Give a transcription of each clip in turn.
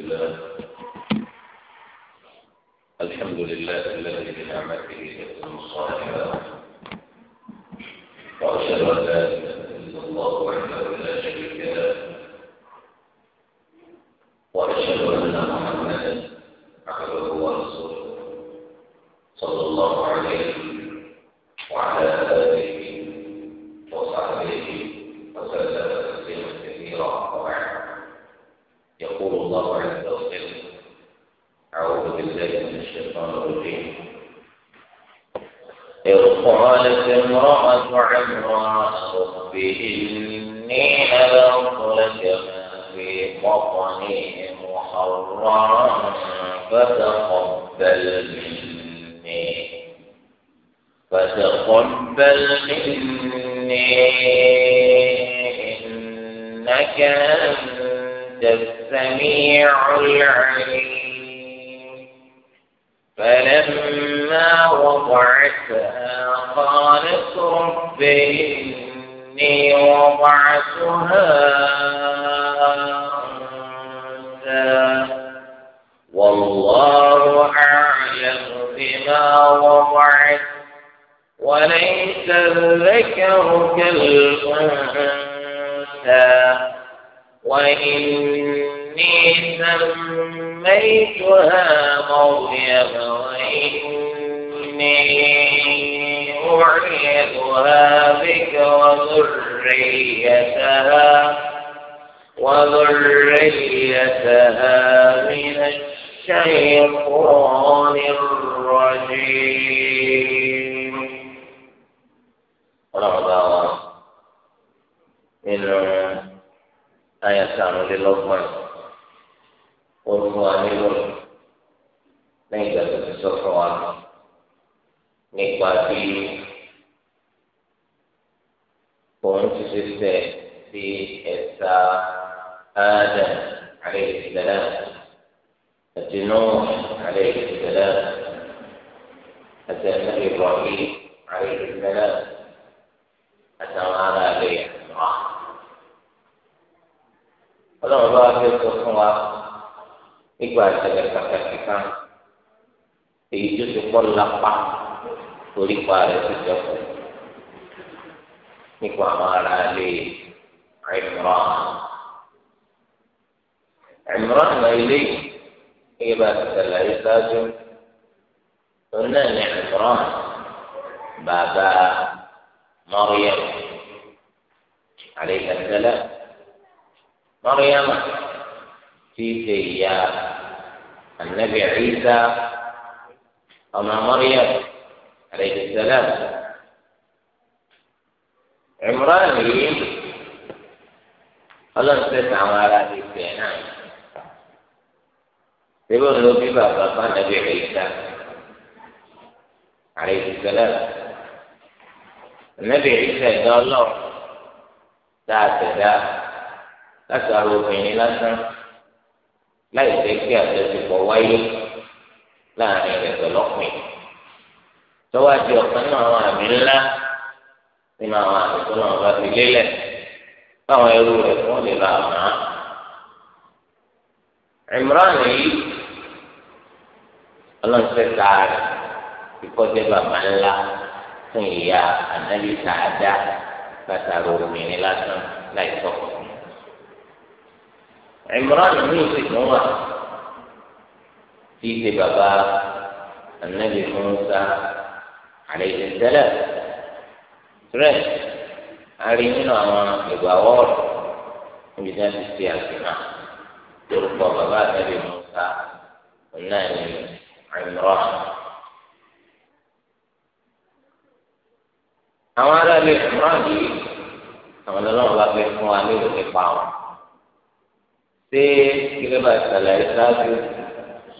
الله الحمد لله الذي بنعمته يتم الصالحات واشهد ان لا àyà sàrùn lé lọ́gbọ̀n èyí tó ti kọ́ lápá torí pa rẹ̀ ti dẹ́kun nípa àwọn ará ilé Imran Imran náà ilé yìí bá ti sàlàyé sáájú òun náà ní Imran bàbá Maryam alayhi salam Maryam tí í ṣe ìyá anabi Isa. أما مريم عليه السلام عمران يريد خلاص تسعى على في السينام يقول له في باب النبي عيسى عليه السلام النبي عيسى قال الله ساعة داء أسأل بيني لا يتكي أن تسقوا láàrin rẹ̀ pẹ̀lú ọ̀pìn tọ́wọ́ àti ọ̀kan náà àwọn àmì ńlá nínú àwọn àmì tó náà bá fi lélẹ̀ fáwọn ẹrú rẹ̀ fún lè ra àmà. Imran yìí ọlọ́nfẹ́ sáré ìkọ́jẹ́ bàbá ńlá fún ìyá ànábì sàádá látàrí obìnrin lásán láì sọ̀kọ̀. Imran yìí sì tún wà tí í ṣe bàbá anabi musa alayhi salam rẹ ari nínú àwọn ìgbà wọọlù níbi tí wọn ti ṣe àfihàn lórúkọ bàbá anabi musa náà ní Imran. àwọn aráàlú Imran yìí àwọn ọlọ́run bá fẹ́ fún wa ní ìwé nípa wọn. ṣé kí bá ṣàlàyé ṣáájú?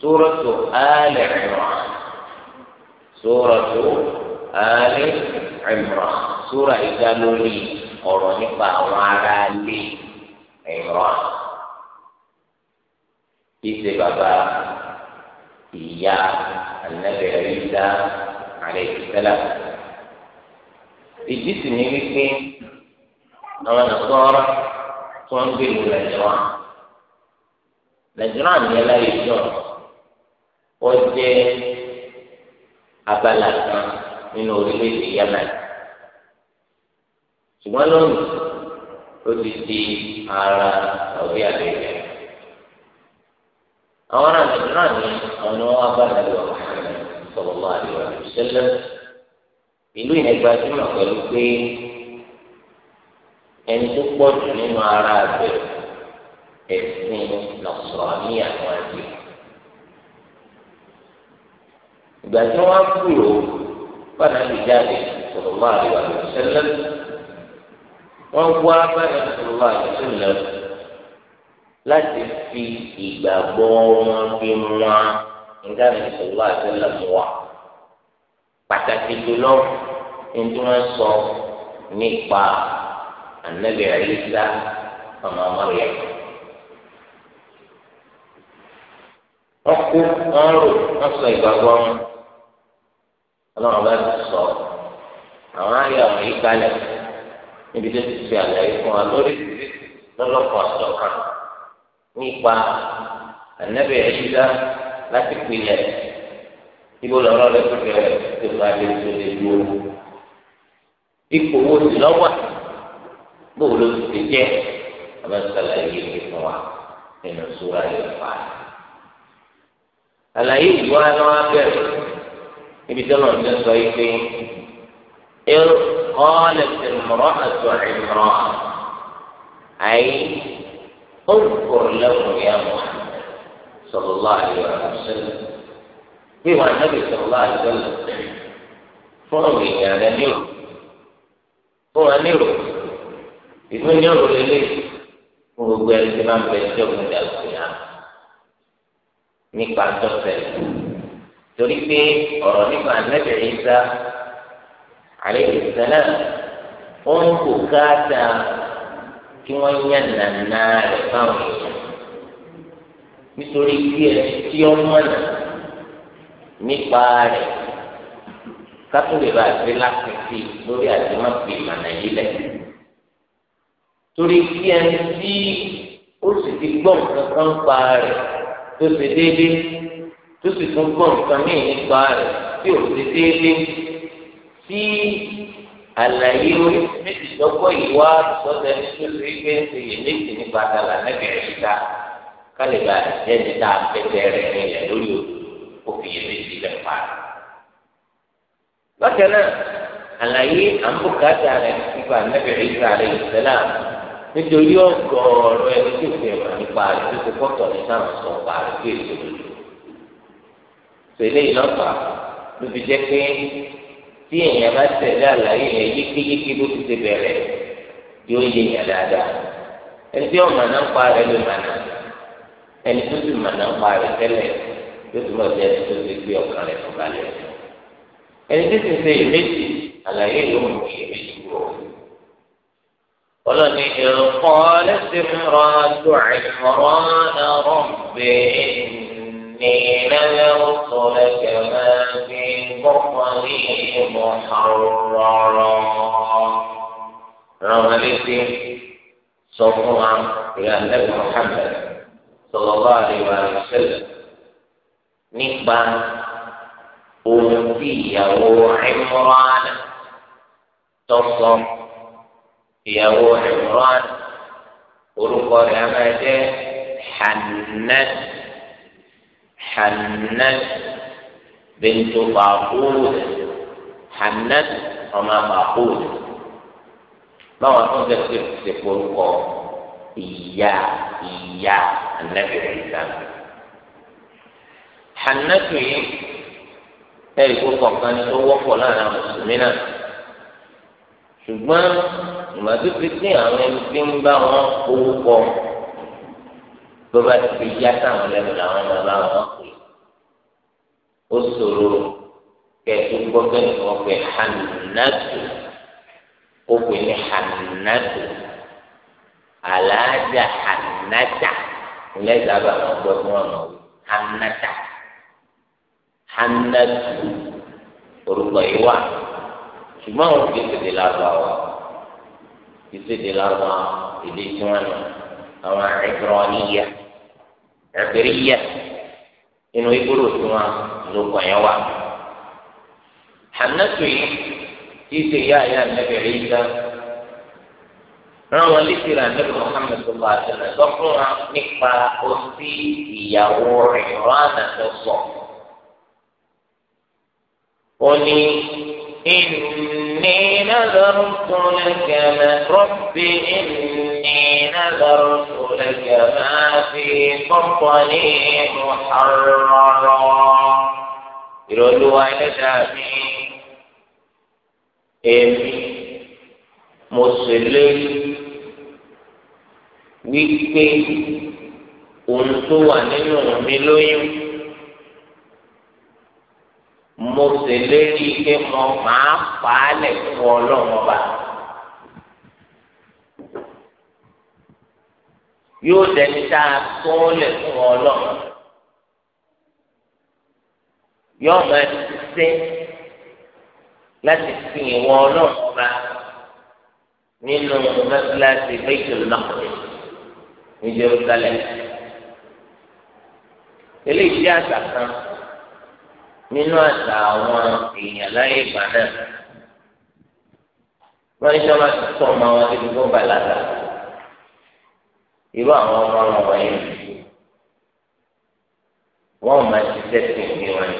súrọ̀tù alẹ́ ìmọ̀ràn súrọ̀tù alẹ́ ìmọ̀ràn súrọ̀ ìdá lórí ọ̀rọ̀ nípa àwọn ará ilé ìmọ̀ràn ìṣe bàbá ìyá ànábẹ̀rẹ̀ ìdá àlẹ́ ìṣẹ́lá ìdí sì ni wípé àwọn nàkọ́rọ́ tó ń gbé ìlú nàìjíríà nàìjíríà ní ẹlẹ́yìí jọ̀ọ́ ó jẹ́ abala kan nínú orílẹ̀-èdè yemen ṣùgbọ́n lónìí ó ti di ara saudi arabia àwọn ará nàìjíríà ní àwọn ni wọn bá nàìjíríà wọn sọ̀rọ̀ lọ́wọ́ àdìwọ̀ àdìsẹ́lẹ̀ ìlú yẹn gbajúmọ̀ pẹ̀lú pé ẹni tó pọ̀ jù nínú ara rẹ̀ ẹ̀sìn lọ́sọ̀rọ̀ ní àwọn àdìsẹ́lẹ̀ ìgbà tí wọ́n á kúrò bàtà lè jáde sọ̀rọ̀ máa lè wà lọ́wọ́ sẹ́lẹ̀ wọ́n wá bàtà sọ̀rọ̀ máa lè sẹ́lẹ̀ láti fi ìgbàgbọ́ wọn fi wá nígbà tí sọ̀rọ̀ máa sẹ́lẹ̀ mú pàtàkì jùlọ ní tí sọ nípa anabi ayisa ọmọ amọrìyà wọn kú wọn rò wọn sọ ìgbàgbọ́ wọn ọlọ́run bá ti sọ àwọn ayé àwọn yìí kalẹ̀ níbi tó ti fi àlàyé fún wa lórí lọ́lọ́kọ̀ ọ̀sọ̀kan nípa ànábì ẹ̀ṣídá láti pilẹ̀ ibo lọ́rọ́ rẹ̀ tó bẹ̀rẹ̀ tó bá lè tó lè dúró ipò wo sì lọ́wọ́ bóòlù ló ti ti jẹ́ abẹ́sẹ̀lá yìí ní fún wa nínú sùúrù ayé fà á. àlàyé ìwà ni wọ́n á bẹ̀rẹ̀ níbi tí ọlọ́run ti sọ yìí pé ẹrù ọ̀ọ́lẹ̀ ti mọ̀rọ̀ àti ìmọ̀rọ̀ àyè ó ń kọ̀ lẹ́kùn yá mọ̀ sọlọ́lá àyẹ̀wò àṣẹlẹ̀ bí wọn àti sọlọ́lá àṣẹlẹ̀ fún àwọn èèyàn nírò fún wọn nírò ìfún nírò lélẹ̀ fún gbogbo ẹni tí wọn bẹ ẹjọ́ gbọdọ̀ àgbẹ̀yà nípa tọ́sẹ̀ yìí torí pé ọ̀rọ̀ nípa ànábì Ìsá alayhi salam ó ń kò káàtà kí wọ́n yàn nànà rẹ̀ báwọn èèyàn nítorí bí ẹ tí ó mọ̀nà nípa rẹ̀ kátólè bá ti láti fi lórí àti má yìí lẹ̀ torí bí ẹ tí ó sì ti gbọ́ nǹkan kan pa rẹ̀ tó ṣe déédéé tó sì tún gbọ́ nǹkan míì nípa rẹ̀ tí ò ti déédéé tí àlàyé méjì lọ́gbọ́ ìwà àtúntọ́tẹ ní tó ṣe pé ń ṣe yèméjì nípa àtàlà nẹ́bẹ̀rẹ̀ síta kálíbà ẹni tá a pẹ̀tẹ̀ rẹ̀ nílẹ̀ lórí òkú òfin yèméjì lẹ̀ pa. bákan náà àlàyé àmúkàtà rẹ̀ nípa nẹ́bẹ̀rẹ̀ síta rẹ̀ ìṣẹ̀lá nítorí ọ̀gọ̀ọ̀rọ̀ ẹni tó fẹ̀ràn nípa rẹ̀ pèlè ìlọ́fà ló fi jẹ́ pé tí èèyàn bá tẹ̀lé àlàyé yẹn yékéyéké ló ti ti bẹ̀rẹ̀ yóò yé èèyàn dáadáa ẹni tí ọ̀mà náà ń pa rẹ̀ ló mà ẹni tó sì mà ń pa rẹ̀ tẹ́lẹ̀ yóò túbọ̀ jẹ́ ẹni tó ti gbé ọkàn rẹ̀ fún balẹ̀ ẹni tí ti ṣe ìrètí àlàyé yóò mú ìrètí kúrò ولن إذ قالت امرأة عمران رب إن إن الرسل كما في بطنه محررا رملتي صفوعا إلى النبي محمد صلى الله عليه وسلم نقبا أمتي عمران تصم يا عمران ورقى يا حنث حنت بنت طاقوس حنت ọmọ àpapọ̀ báwọn tó ń fẹ́ ṣe ṣe polúkọ ìyá ìyá ànábìrì ìsàmì hànàtù yìí ẹ̀rí kó kọ̀ọ̀kan tó wọ́pọ̀ láàrin àwọn mùsùlùmí náà ṣùgbọ́n ìmọ̀tò fi sí àwọn ẹni tí ń bá wọn polúkọ bó bá ti fi yá sáwọn lẹ́nu làwọn máa bá wọn pè ó ṣòro kẹtù gbọ́dọ̀ ní wọ́n pè hànàtù ó pè ní hànàtù àlàájá hànàtà ìlẹ́sà bá wọn gbọ́ fún wọn wí hànàtà hànàtù orúkọ yìí wà ṣùgbọ́n àwọn ti di lárúbáwá ti di lárúbáwá ìdí tí wọ́n náà àwọn Ibraniyya Ibriyya inú ibúrò tí wọn ló kàn yẹn wà. Hannatu yìí tí í ṣe ìyá ìyá Nabi Isa rán wọn létí rà Nabi Muhammad sallallahu alaihi wasallam sọ fún wa nípa ọtí ìyàwó rẹ̀ rán àtàtọ̀ sọ. ó ní. إني نذرت لك ما ربي إني نذرت لك ما في بطني محررا يقولوا أنا èmi mo sì lérí wípé ohun tó mo sì lérí pé mo máa fà á lẹ̀ fún ọlọ́run ọba. yóò dẹni tá a tó lẹ̀ fún ọlọ́run. yóò máa ṣiṣẹ́ láti fi ìwọ ọlọ́run ọba nínú mẹ́tíláṣí Baitul Maqdis ní Jerusalem. eléyìí jẹ́ àṣà kan nínú àṣà àwọn èèyàn láyé ìgbà náà wọn ní sọ ma tọ ọmọ wọn débi tó bàlágà irú àwọn ọmọ wọn wọ̀nyí wọn ò máa ṣiṣẹ́ sí ìwé wọn ni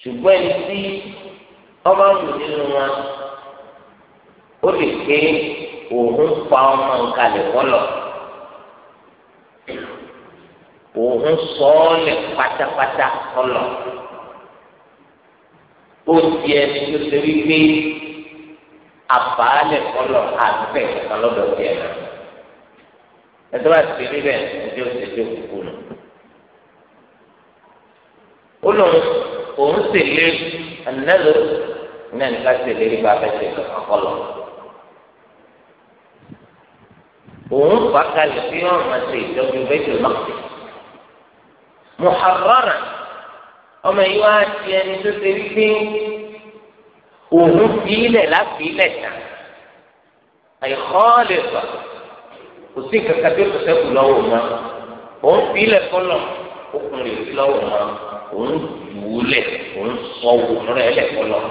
ṣùgbọ́n ẹni tí ọba wù nínú wọn ó lè pé òun pa ọmọ nǹkan lè kọ́ òun sọ́ọ̀lẹ̀ pátápátá ọlọ ó di ẹni tó ṣe wípé àbáálẹ̀ ọlọ àgbẹ̀ ọlọ́dọ̀ tiẹ̀ náà ẹ̀tọ́ bá ti rí bẹ́ẹ̀ ẹjọ́ ṣẹjọ́ kúkú nù ó lọ òun ṣèlérí ànálò ní ànìká ṣèlérí bá fẹsẹ̀ ọlọ òun fà kalẹ̀ sí ọ̀rùn àti ìjọba ìbẹ́jọ́ náà muharrara ọmọ yìí wá di ẹni tó ṣe wípé òun fi ilẹ̀ láti ilẹ̀ tà àìkọ́ lè fà kò sí kankan tó kò sẹ́kù lọ́wọ́ mọ́ òun fi ilẹ̀ kọ́lọ̀ òkun lè fi lọ́wọ́ mọ́ òun wúlẹ̀ òun sọ òun rẹ̀ lẹ̀ kọ́lọ̀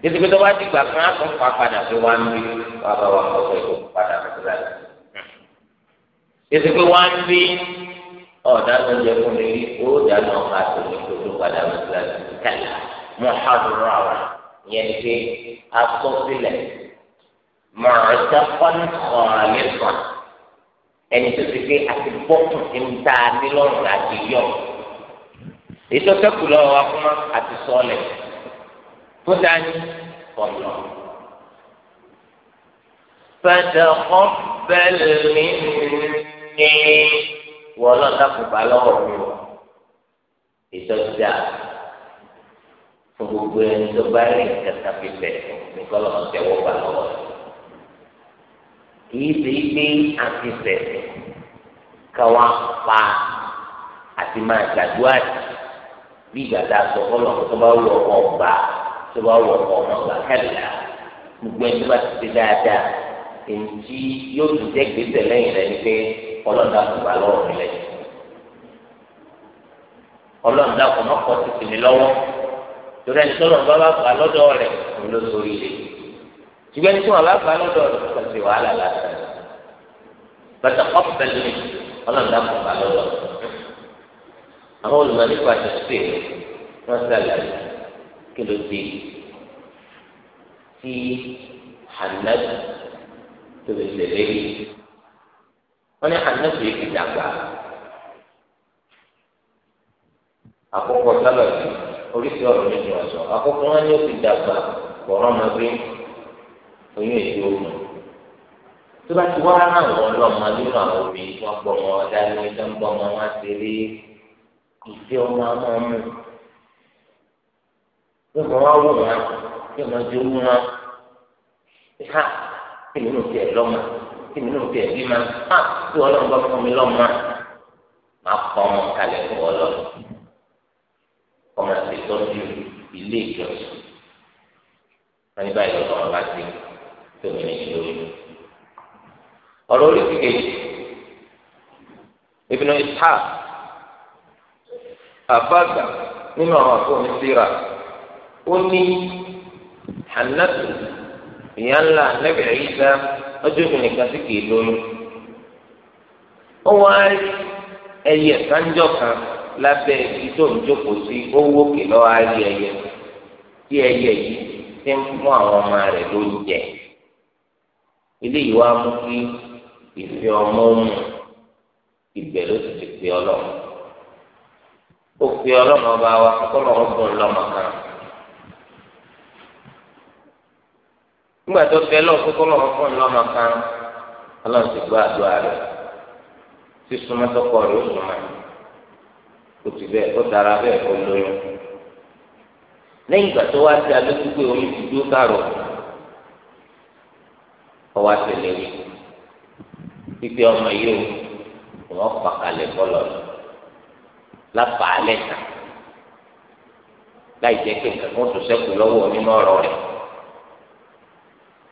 títí tó bá dìgbà kan á tún fa padà pé wá ń bí wàá bá wa kọ́ pé padà pẹ̀lú àlẹ́ títí pé wá ń bí ọ̀dà ló jẹ fún mi rí ó dà ní ọ̀ka tó ní kótó padà mọ́sálásí kàlá mọ́hàdúrà wà yẹn ni pé asọ́sílẹ̀ mọ̀ọ́sẹ́kọ́n ọ̀ọ́lẹ́kọ̀n ẹni tó ti pé àti bọ́ọ̀kùn ti ń ta nílọ́rùn àti yọ. ètò kẹ́kù wa fún wa àti sọ́ọ̀lẹ̀ tó dání ọ̀nà. فتقبل مني ìwọ ọlọ́run dákun bá lọ́wọ́ mi o ìtọ́jú dáa fún gbogbo ẹni tó bá rí kàtà fífẹ́ ní kọ́lọ́ tẹ́wọ́ bá lọ́wọ́ kì í ṣe pé àti fẹ̀sẹ̀ káwá pa àti máa gbàdúrà bí gbàdá sọ kọ́lọ́ tó bá wù ọkọ̀ ọgbà tó bá wù ọkọ̀ ọgbà kẹ́lá gbogbo ẹni tó bá ti ṣe dáadáa èyí tí yóò tún jẹ́ gbèsè lẹ́yìn rẹ̀ ni pé ọlọ́dà kò bá lọ́rọ̀ mi lẹ́yìn ọlọ́dà kò má kọ́ títì mi lọ́wọ́ torí ẹni tọ́lọ̀ bá bá gbà lọ́dọ̀ rẹ̀ ń lọ sórí ilé ṣùgbọ́n ẹni tí wọ́n bá gbà lọ́dọ̀ rẹ̀ kò sí wàhálà lásán bàtà ọ̀pẹ̀ lónìí ọlọ́dà kò bá lọ́dọ̀ àwọn olùmọ̀ nípa tẹ̀sípè wọ́n sàlàyé kí ló dé tí hànà tó lè tẹ̀lé yìí wọn ní hanafi yìí ti dàgbà àkókò sálọsì oríṣi ọ̀rọ̀ méjì wọn sọ àkókò wọn ní ó ti dàgbà bọrọ ma bí oyún èdè ogun tó bá ti wá àwọn ọlọmọ nínú àwọn obìnrin tí wọn gbọ́ wọn dání tó ń gbọ́ wọn wá sí rí ìfẹ́ ọmọ ọmọ mu bí wọn wá wù wọn bí wọn wọn ha kí nínú tiẹ̀ lọ́mọ kí mi náà tẹ̀ bí ma á tí wọn náà bá fún mi lọ́mọ má kọ́ ọmọ kalẹ̀ fún ọ lọ́nà ọmọ ti tọ́jú ilé ìjọsìn wọn ní báyìí lọ́wọ́ bá ti tó mi nìyí lórí ọ̀rọ̀ orí kìkejì Ibn Ishaq àbáàgbà nínú àwọn àfọwọ́n síra ó ní hànàtù ìyá ńlá nẹ́bẹ̀ẹ́ yìí dá ọjọ́ obìnrin kan sì kìí lóyún ó wá ẹyẹ kánjọ kan lábẹ́ ibi tó ń jókòó sí owó kìlọ́ ayé ẹyẹ tí ẹyẹ yìí ti ń mú àwọn ọmọ rẹ̀ lóúnjẹ eléyìí wá mú kí ìfẹ́ ọmọ mu ibẹ̀ ló ti ti pè ọlọ́run ó pè ọlọ́run ọba wa kọ́kọ́ lọ́wọ́ bùn lọ́mọ kan. nígbà tó fẹ́ lọ kókó lọ́wọ́ fún ọlọ́mọ kan ọlọ́run ti gbọ́ àdúrà rẹ̀ sísúnmọ́ tọkọ rẹ̀ ó súnmọ́ kò tì bẹ́ẹ̀ kó dára bẹ́ẹ̀ kó lóyún lẹ́yìn ìgbà tó wá sí alójú pé oyún ti dúró kárọ̀ ọwọ́ àtẹlẹ́ rí pípé ọmọ yìí o wọ́n fàkalẹ̀ bọ́lọ̀ lápá alẹ́ ta láì jẹ́ kí nǹkan kan tó sẹ́kù lọ́wọ́ nínú ọ̀rọ̀ rẹ̀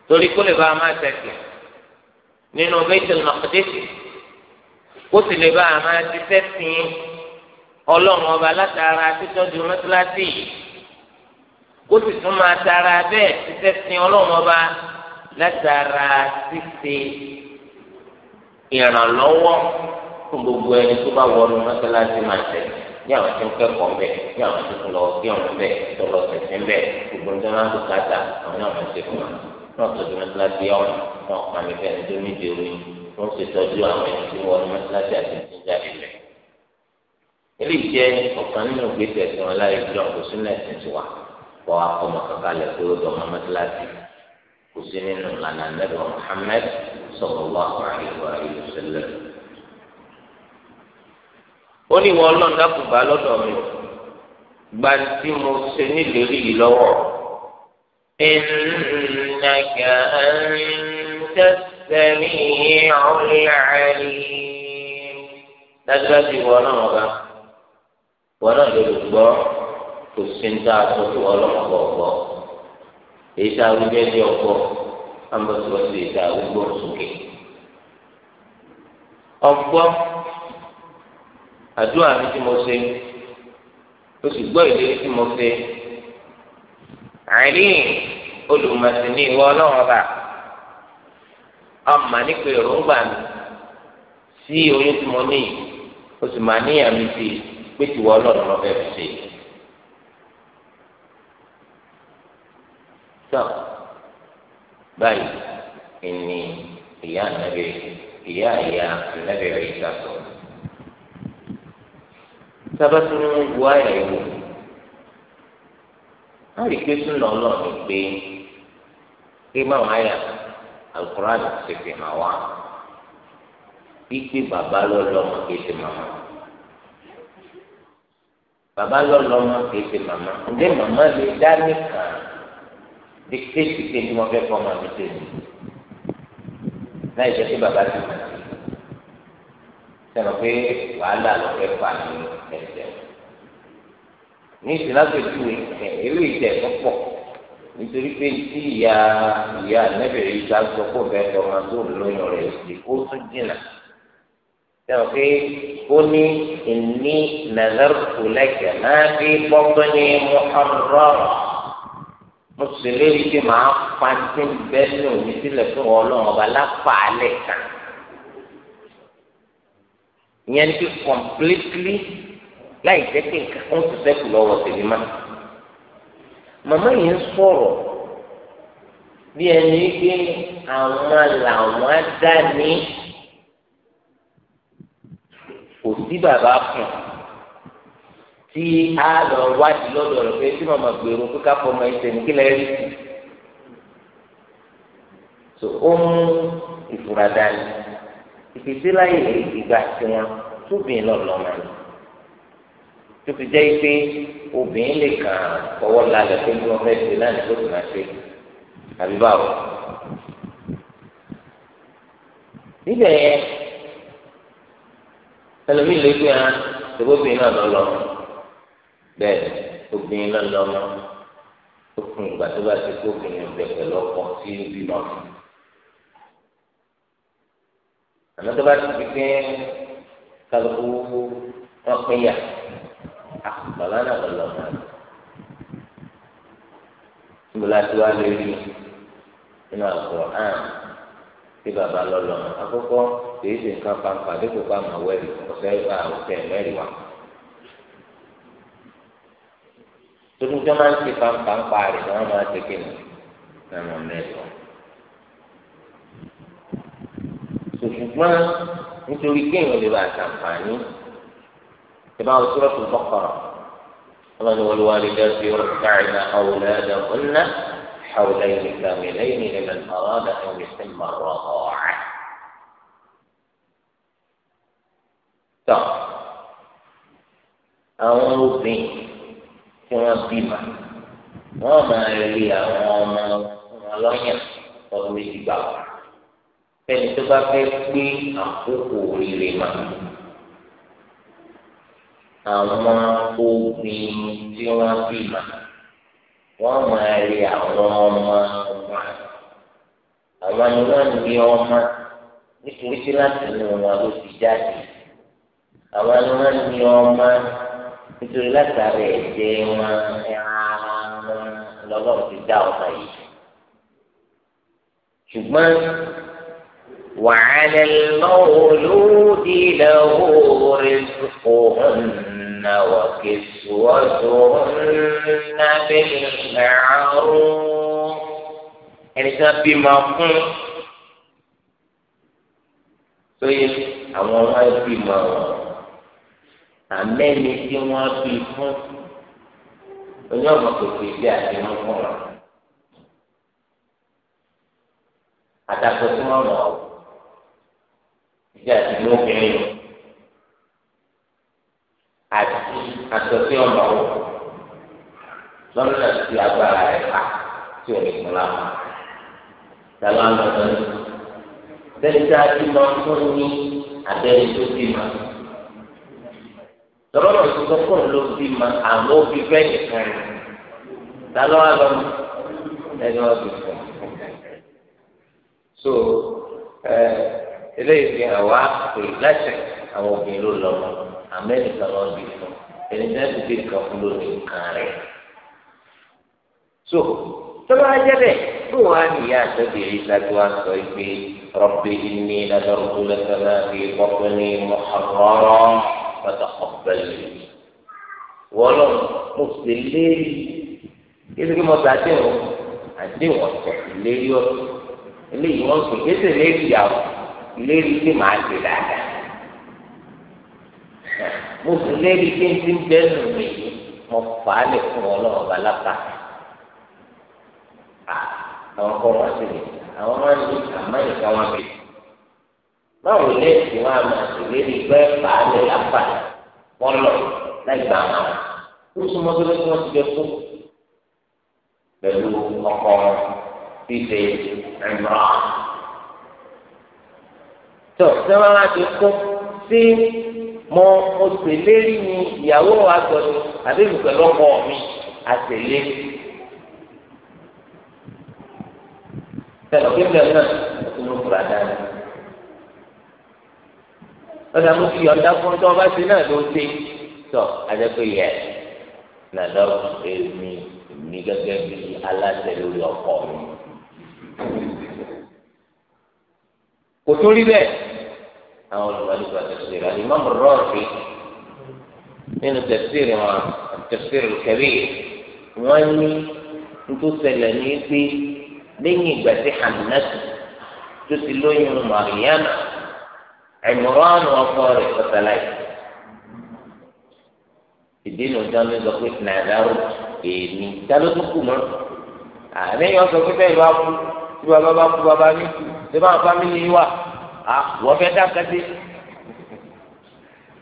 torí kó lè bá a máa tẹ̀sí nínú Baitul Maqdis kó sì lè bá a máa ti tẹ̀sí ọlọ́run ọba látara títọ́jú mẹ́tíláṣí yìí kó sì tún máa tara bẹ́ẹ̀ ti tẹ̀sí ọlọ́run ọba látara ṣíṣe ìrànlọ́wọ́ fún gbogbo ẹni tó bá wọnú mọ́sálásí máa tẹ̀ ní àwọn tí ń kẹ́kọ̀ọ́ mbẹ́ ní àwọn tí ń lọ kí ọ̀run mbẹ́ tọ́lọ̀ tẹ̀sí mbẹ́ gbogbo ní wọn á tó káta àwọn náà máa ń ṣe fún wa náà tọ́jú mọ́tíláṣí ọ̀hún náà pàmì fẹ́ni tó nídìí omi wọ́n sì tọ́jú àwọn ẹni tí wọ́n ní mọ́tíláṣí àti ní jáde lẹ̀. eléyìí jẹ́ ọ̀kan nínú gbèsè tí wọ́n láyé jọ kò sí lẹ́sìn tiwa kọ́ akọ́mọ kankan lẹ̀ pé ó dọ̀ mọ́ mọ́tíláṣí kò sí nínú lànà nẹ́bà Muhammad sallallahu alaihi wa sallam. إنك أنت السميع العليم لذلك ونوبة ونوبة الأخبار كسنتا أصوت والأخبار èyí tá a wí bẹ́ẹ̀ di ọkọ ambọ̀sibọ̀sì èyí tá a àdúrà mi tí mo ṣe gbọ́ ìlérí tí mo ṣe olùmọ̀sí ní ìwọ ọlọ́run ọba ọmọ nípa èròǹgbà mi sí oyún tí mo ní o sì máa níyàn mi sí pé tìwọ ọlọ́run lọ́fẹ́ fi ṣe. tán báyìí ìní ìyá ànábì ìyá ìyá ànábì rẹ̀ ìta sọ. sábà tún wọ àyà ìwò wọn rí i pé súnà ọlọ́ọ̀ni pé pé máwọn àyà alukuraan ti fi hàn wá pípé bàbá lọ́lọ́mọ kìí ṣe màmá bàbá lọ́lọ́mọ kìí ṣe màmá ǹjẹ́ màmá lè dá nìkan díktéètì pé ní wọ́n fẹ́ fọ́ ọmọ mi tẹ̀lé láì jẹ́ pé bàbá ti mọ̀ sí sẹ́nu pé wàhálà ló fẹ́ fà ní ẹ̀sẹ̀ ní ìsìlágbèjúwe ìlú ìtẹ̀ púpọ̀ nítorí pé tí ìyá ìyá nẹ́bẹ̀rẹ̀ yìí ká sọ pé ọ̀bẹ ọmọ tó lóyún rẹ̀ sí ó tún jìnnà sẹ́wọ̀n pé ó ní ìní nàzàrùkù lẹ́kẹ̀ náà bí bọ́gbọ́n ní muharram mùsùlùmí rí pé màá pàǹtí bẹ́ẹ̀ ní òní sílẹ̀ fún ọlọ́run ọba láfàálẹ̀ kan ìyẹn ní completely láì jẹ́ pé nǹkan kan ti sẹ́kù lọ́wọ́ tèmi má. màmá yìí ń sọ̀rọ̀ bí ẹni pé àwọn làwọn dá ní kò sí bàbá fún tí a lọ wádìí lọ́dọ̀ rẹ̀ pé tí màmá gbèrò pé ká fọmọ ẹsẹ̀ ní kílẹ̀ rí sí. so ó mú ìfura dání ìfèsíláyè ìgbà tiwọn tóbi lọ́lọ́ máa ń tó fi jẹ́ pé obìnrin lè kàn án fọwọ́ lálẹ́ pé bí wọ́n fẹ́ ṣe náà ní kó tó máa ṣe àbí báwo. níbẹ̀ yẹn ẹlòmíì lè fi hàn ṣègbè obìnrin náà lọ́lọ́ bẹ́ẹ̀ obìnrin náà lọ́mọ ó kún ìgbà tó bá ti kó obìnrin bẹ̀ pẹ̀lú ọkọ tí ó bí lọ fún àmọ́ tó bá ti di pé kálukú wọn pín yàtọ̀. Ah, bàbá náà lọ lọ́mọ rẹ̀ níbo la ti wá lé rí nínú àgọ́ àn tí bàbá lọ lọ́mọ akọ́kọ́ èyí sì ń ká pàǹpà dípò ká máa wẹ̀rì ọ̀sẹ̀ ọ̀sẹ̀ mẹ́rì wá. tóbi tó máa ń ti pàǹpà rẹ̀ ni wọ́n máa ti kí ni nínú mẹ́rì wá. nítorí kéèyàn lè bá àtàǹfààní. تبع سورة البقرة ومن والوالدات يرضعن أولادهن حولين كاملين لمن أراد أن يتم الرضاعة طب àwọn obìnrin tí wọn bímọ wọn máa rí àwọn ọmọ wọn lọ́yàn ọdún méjì gbà wọn fẹ́ni tó bá fẹ́ gbé àkókò rírì máa. àwọn obìnrin tí wọ́n bí mà wọ́n máa rí àwọn ọmọ ọmọ àwọn ni wọ́n ní ọmọ nítorí tí láti inú wọn ló ti jáde àwọn ni wọ́n ní ọmọ nítorí látàrí ẹ̀jẹ̀ wọn ẹran ti dá ọmọ yìí ṣùgbọ́n وعلى المولود له رزقهن وكسوتهن بالمعروف ẹni tí wọn bí máa fún sóye àwọn ọmọ bí máa wọn àmẹ́ni tí wọ́n bí fún oní ọmọ pèpè bí àti wọn fún wọn àtàkùn tí wọn mọ ìdí àti ní obìnrin yìí. àtọ̀sí ọ̀nà wò lọ́nà tí agbára rẹ̀ ká tí ò ní kún lápá. Dàbá ń lọ sọ́nù. Sẹ́ni tá a ti máa fún ní àbẹ́rẹ́ tó bí ma. Tọ́lọ́ náà ti sọ ló bí ma àmọ́ òbí bẹ́ẹ̀ nìkan rẹ̀. Dàlọ́ wa lọ ẹni wọ́n ti fún. So eléyìí fi hàn wá pè láṣẹ àwọn obìnrin ló lọ́mọ àmẹ́ríkà lọ́ọ́ bí fún ẹni tí wọn ti gbé fún lónìí nǹkan rẹ so tọ́lá ajẹ́ bẹ́ẹ̀ fún wa nìyá àtẹ́bí ìṣáájú wa sọ pé rọ́bì ní adọ́rùkú lẹ́sẹ̀lá fi kọ́kọ́ ní mọ̀hárọ́rọ́ pátákọ́bẹ̀lì wọ́lọ́ mo sì léèrè e. kéde kí mo sọ àdéhùn àdéhùn ọ̀sẹ̀ léèrè ọ̀sẹ̀ eléyìí wọ́n sọ kéde léèrè àwọn léèrè tí màá ṣe dáadáa mo sì lérí pé ti ń bẹ́ nù mí mo fà á lè fún ọlọ́run ọba lápá àwọn kọ́ wọn sì lè àwọn máa ń ní àmọ́ ìka wọn bẹ̀ báwo lè fi wọn àmọ́ ìlérí pé fà á lè lápá wọn lọ láì gbà wọn ó súnmọ́ tó lé tí wọ́n ti jẹ fún pẹ̀lú ọkọ wọn fífi tó sẹ́wọ́n á ti kú sí mo mo ṣèlérí ni ìyàwó àgbọ̀nì àbẹ́mi pẹ̀lú ọkọ mi àṣèlérí. ẹ̀rọ kéde náà ló fura dáná. ọ̀dà mo fi ọ̀dà fún ọjọ́ ọba sí náà ló ṣe tọ̀ àjẹpẹ́ yẹ nàdọ́ èmi mi gẹ́gẹ́ bí aláṣẹ lórí ọkọ mi. kò tó rí bẹ́ẹ̀ àwọn olùmọ̀lùfà tẹ̀síìr àlìmọ́ rọ́ọ̀fì nínú tẹ̀síìr wọn tẹ̀síìr kẹ̀rí wọ́n ní ntòsẹ̀lẹ̀ ní pé lẹ́yìn ìgbà tí hàmínàtì tó ti lóyún màríyàmà ẹ̀mùránù ọkọ rẹ̀ sọ̀tàláì ìdí nu dáná sọ pé nàdàrú èmi dáná tó kù mọ́ àlẹ́ yẹn sọ pé kú tí bàbá bá kú bàbá mi kú tí bá fámìlì wà à ah, wọ́n fẹ́ dákadé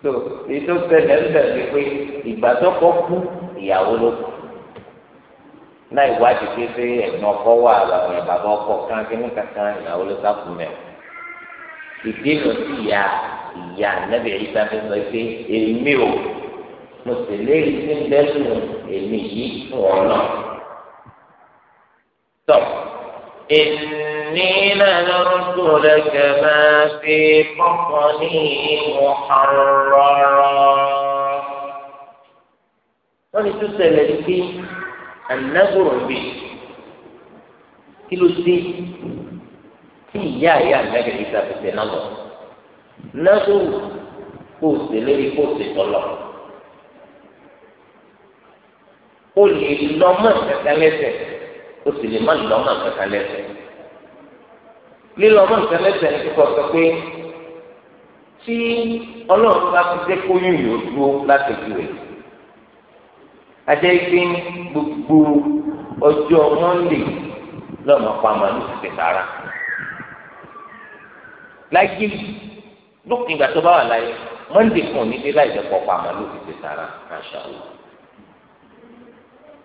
tó ètò ṣẹlẹ̀ ń bẹ̀rẹ̀ pé ìgbà tó kọ́ kú ìyàwó ló kù láì wádìí pé pé ẹ̀gbọ́n ọkọ wà làwọn bàbá ọkọ kan kínní kankan ìyàwó ló sáfù mẹ́ ìdí lọ sí ìyá ìyá nẹ́bí ẹ̀yí tá fi sọ pé èmi ò mo sì lérí sí bẹ́ẹ̀ lù èmi yìí fún ọ náà tọ́. إني نذرت لك ما في بطني محررا wọ́n ní tó ṣẹlẹ̀ ní pé ànágòrò bì kí ló dé tí ìyá ìyá àgbẹ̀gẹ̀ ìta fẹsẹ̀ náà lọ nágòrò kò sí lórí kò sí tọ́lọ̀ o lè lọ́mọ ìtẹ̀tẹ̀ lẹ́sẹ̀ ó sì lè má lọ ọmọ nǹkan lẹ́sẹ̀ lílọ ọmọ nǹkan lẹ́sẹ̀ ní kíkọ sọ pé tí ọlọ́run bá ti dé kóyún yìí ó dúró láti ju rẹ̀ ajẹ́ pé gbogbo ọjọ́ mọ́ndé lọ́mọ pamọ́ ló ti tẹ̀sára láyé lókè ìgbà tó bá wà láyé mọ́ndé kan ní láì jẹ́ pọ̀ pamọ́ ló ti tẹ̀sára máṣá Allah.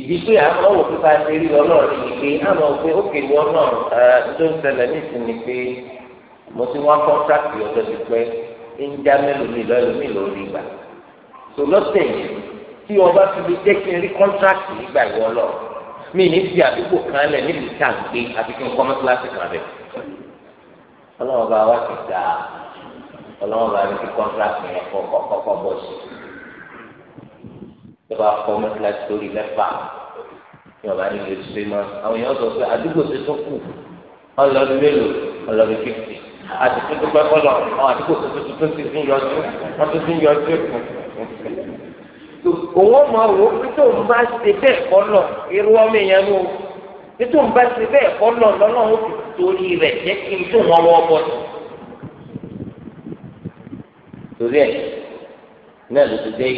ìdí pé àmọ́ wò pípa ṣe rí ọlọ́run ní pé àmọ́ pé ó kè ní ọlọ́run tó ń ṣẹlẹ̀ nísìnyí ni pé mo ti wá kọ́ńtrákì ọjọ́ ti pẹ́ ń já mélòó mi lọ́yọ̀ mi lórí ìgbà tó lọ́sẹ̀ yìí tí ọba ti lè jẹ́ kí n rí kọ́ńtrákì ìgbà ìwọ lọ mi ní fi àdúgbò kan lẹ̀ níbi tá à ń gbé àti kí n kọ́ mọ́tíláṣí kan rẹ̀ ọlọ́run bá wa ti dà ọlọ́run bá mi fi yẹn kọ́ kọ́kọ́ bọ̀ sí ìjọba kọ́ mẹ́tíláṣí lórí mẹ́fà ìjọba ní lè ṣe mọ́ àwọn èèyàn sọ pé àdúgbò ti tún kù ọlọ́dún mélòó ọlọ́dún fífi àti tuntun pẹ́ kọ́lọ̀ àwọn àdúgbò tuntun tó ti fi yọjú wọ́n tó ti yọjú kù. òun ọmọ wo tó ń bá ṣe bẹ́ẹ̀ kọ́lọ̀ irú ọmọ èèyàn ló tó ń bá ṣe bẹ́ẹ̀ kọ́lọ̀ lọ́nà ó ti torí rẹ̀ jẹ́ kí n tó wọn wọ́ bọ́ọ̀lù. torí ẹ̀ náà ló ti jẹ́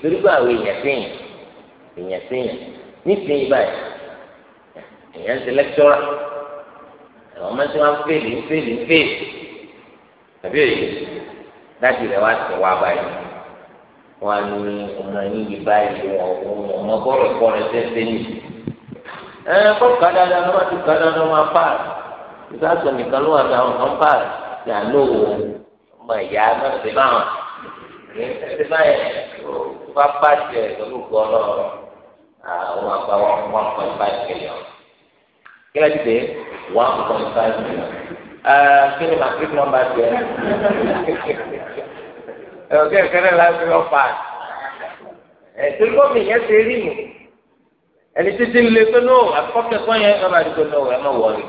pé torí pé àwọn èèyàn sèyàn èèyàn sèyàn nísìnyí báyìí èèyàn ti lẹ́kítọ́rà àwọn ọmọ tí wọ́n fèlè ń fèlè ń fèlè tàbí òye láti rẹ̀ wá sí wa báyìí wọ́n á ní ọmọ yín yìí báyìí ọmọ bọ́ọ̀lù ẹ̀kọ́ rẹ̀ sẹ́sẹ́ nìyí ẹ kọ́ ká dáadáa ló máa ti ká dáadáa máa pa ìgbà nìkan ló wà táwọn kan pa ìyá náà ti bá ẹsẹ báyẹn tó bá pàṣẹ pẹ̀lú gbọlọ àwọn àgbà wọn one point five million kílẹ̀ ti dé one point five million kí ni màá kíkì number tiẹ̀ ọ̀gá ìkẹrẹ la fi wọn pa ẹ̀sìn gómìnà yẹn ti rí mi ẹni títí ń lé pé no àkọ́kẹ́kọ́ yẹn ọba àdìgbò no ẹ̀ mọ̀ wọlé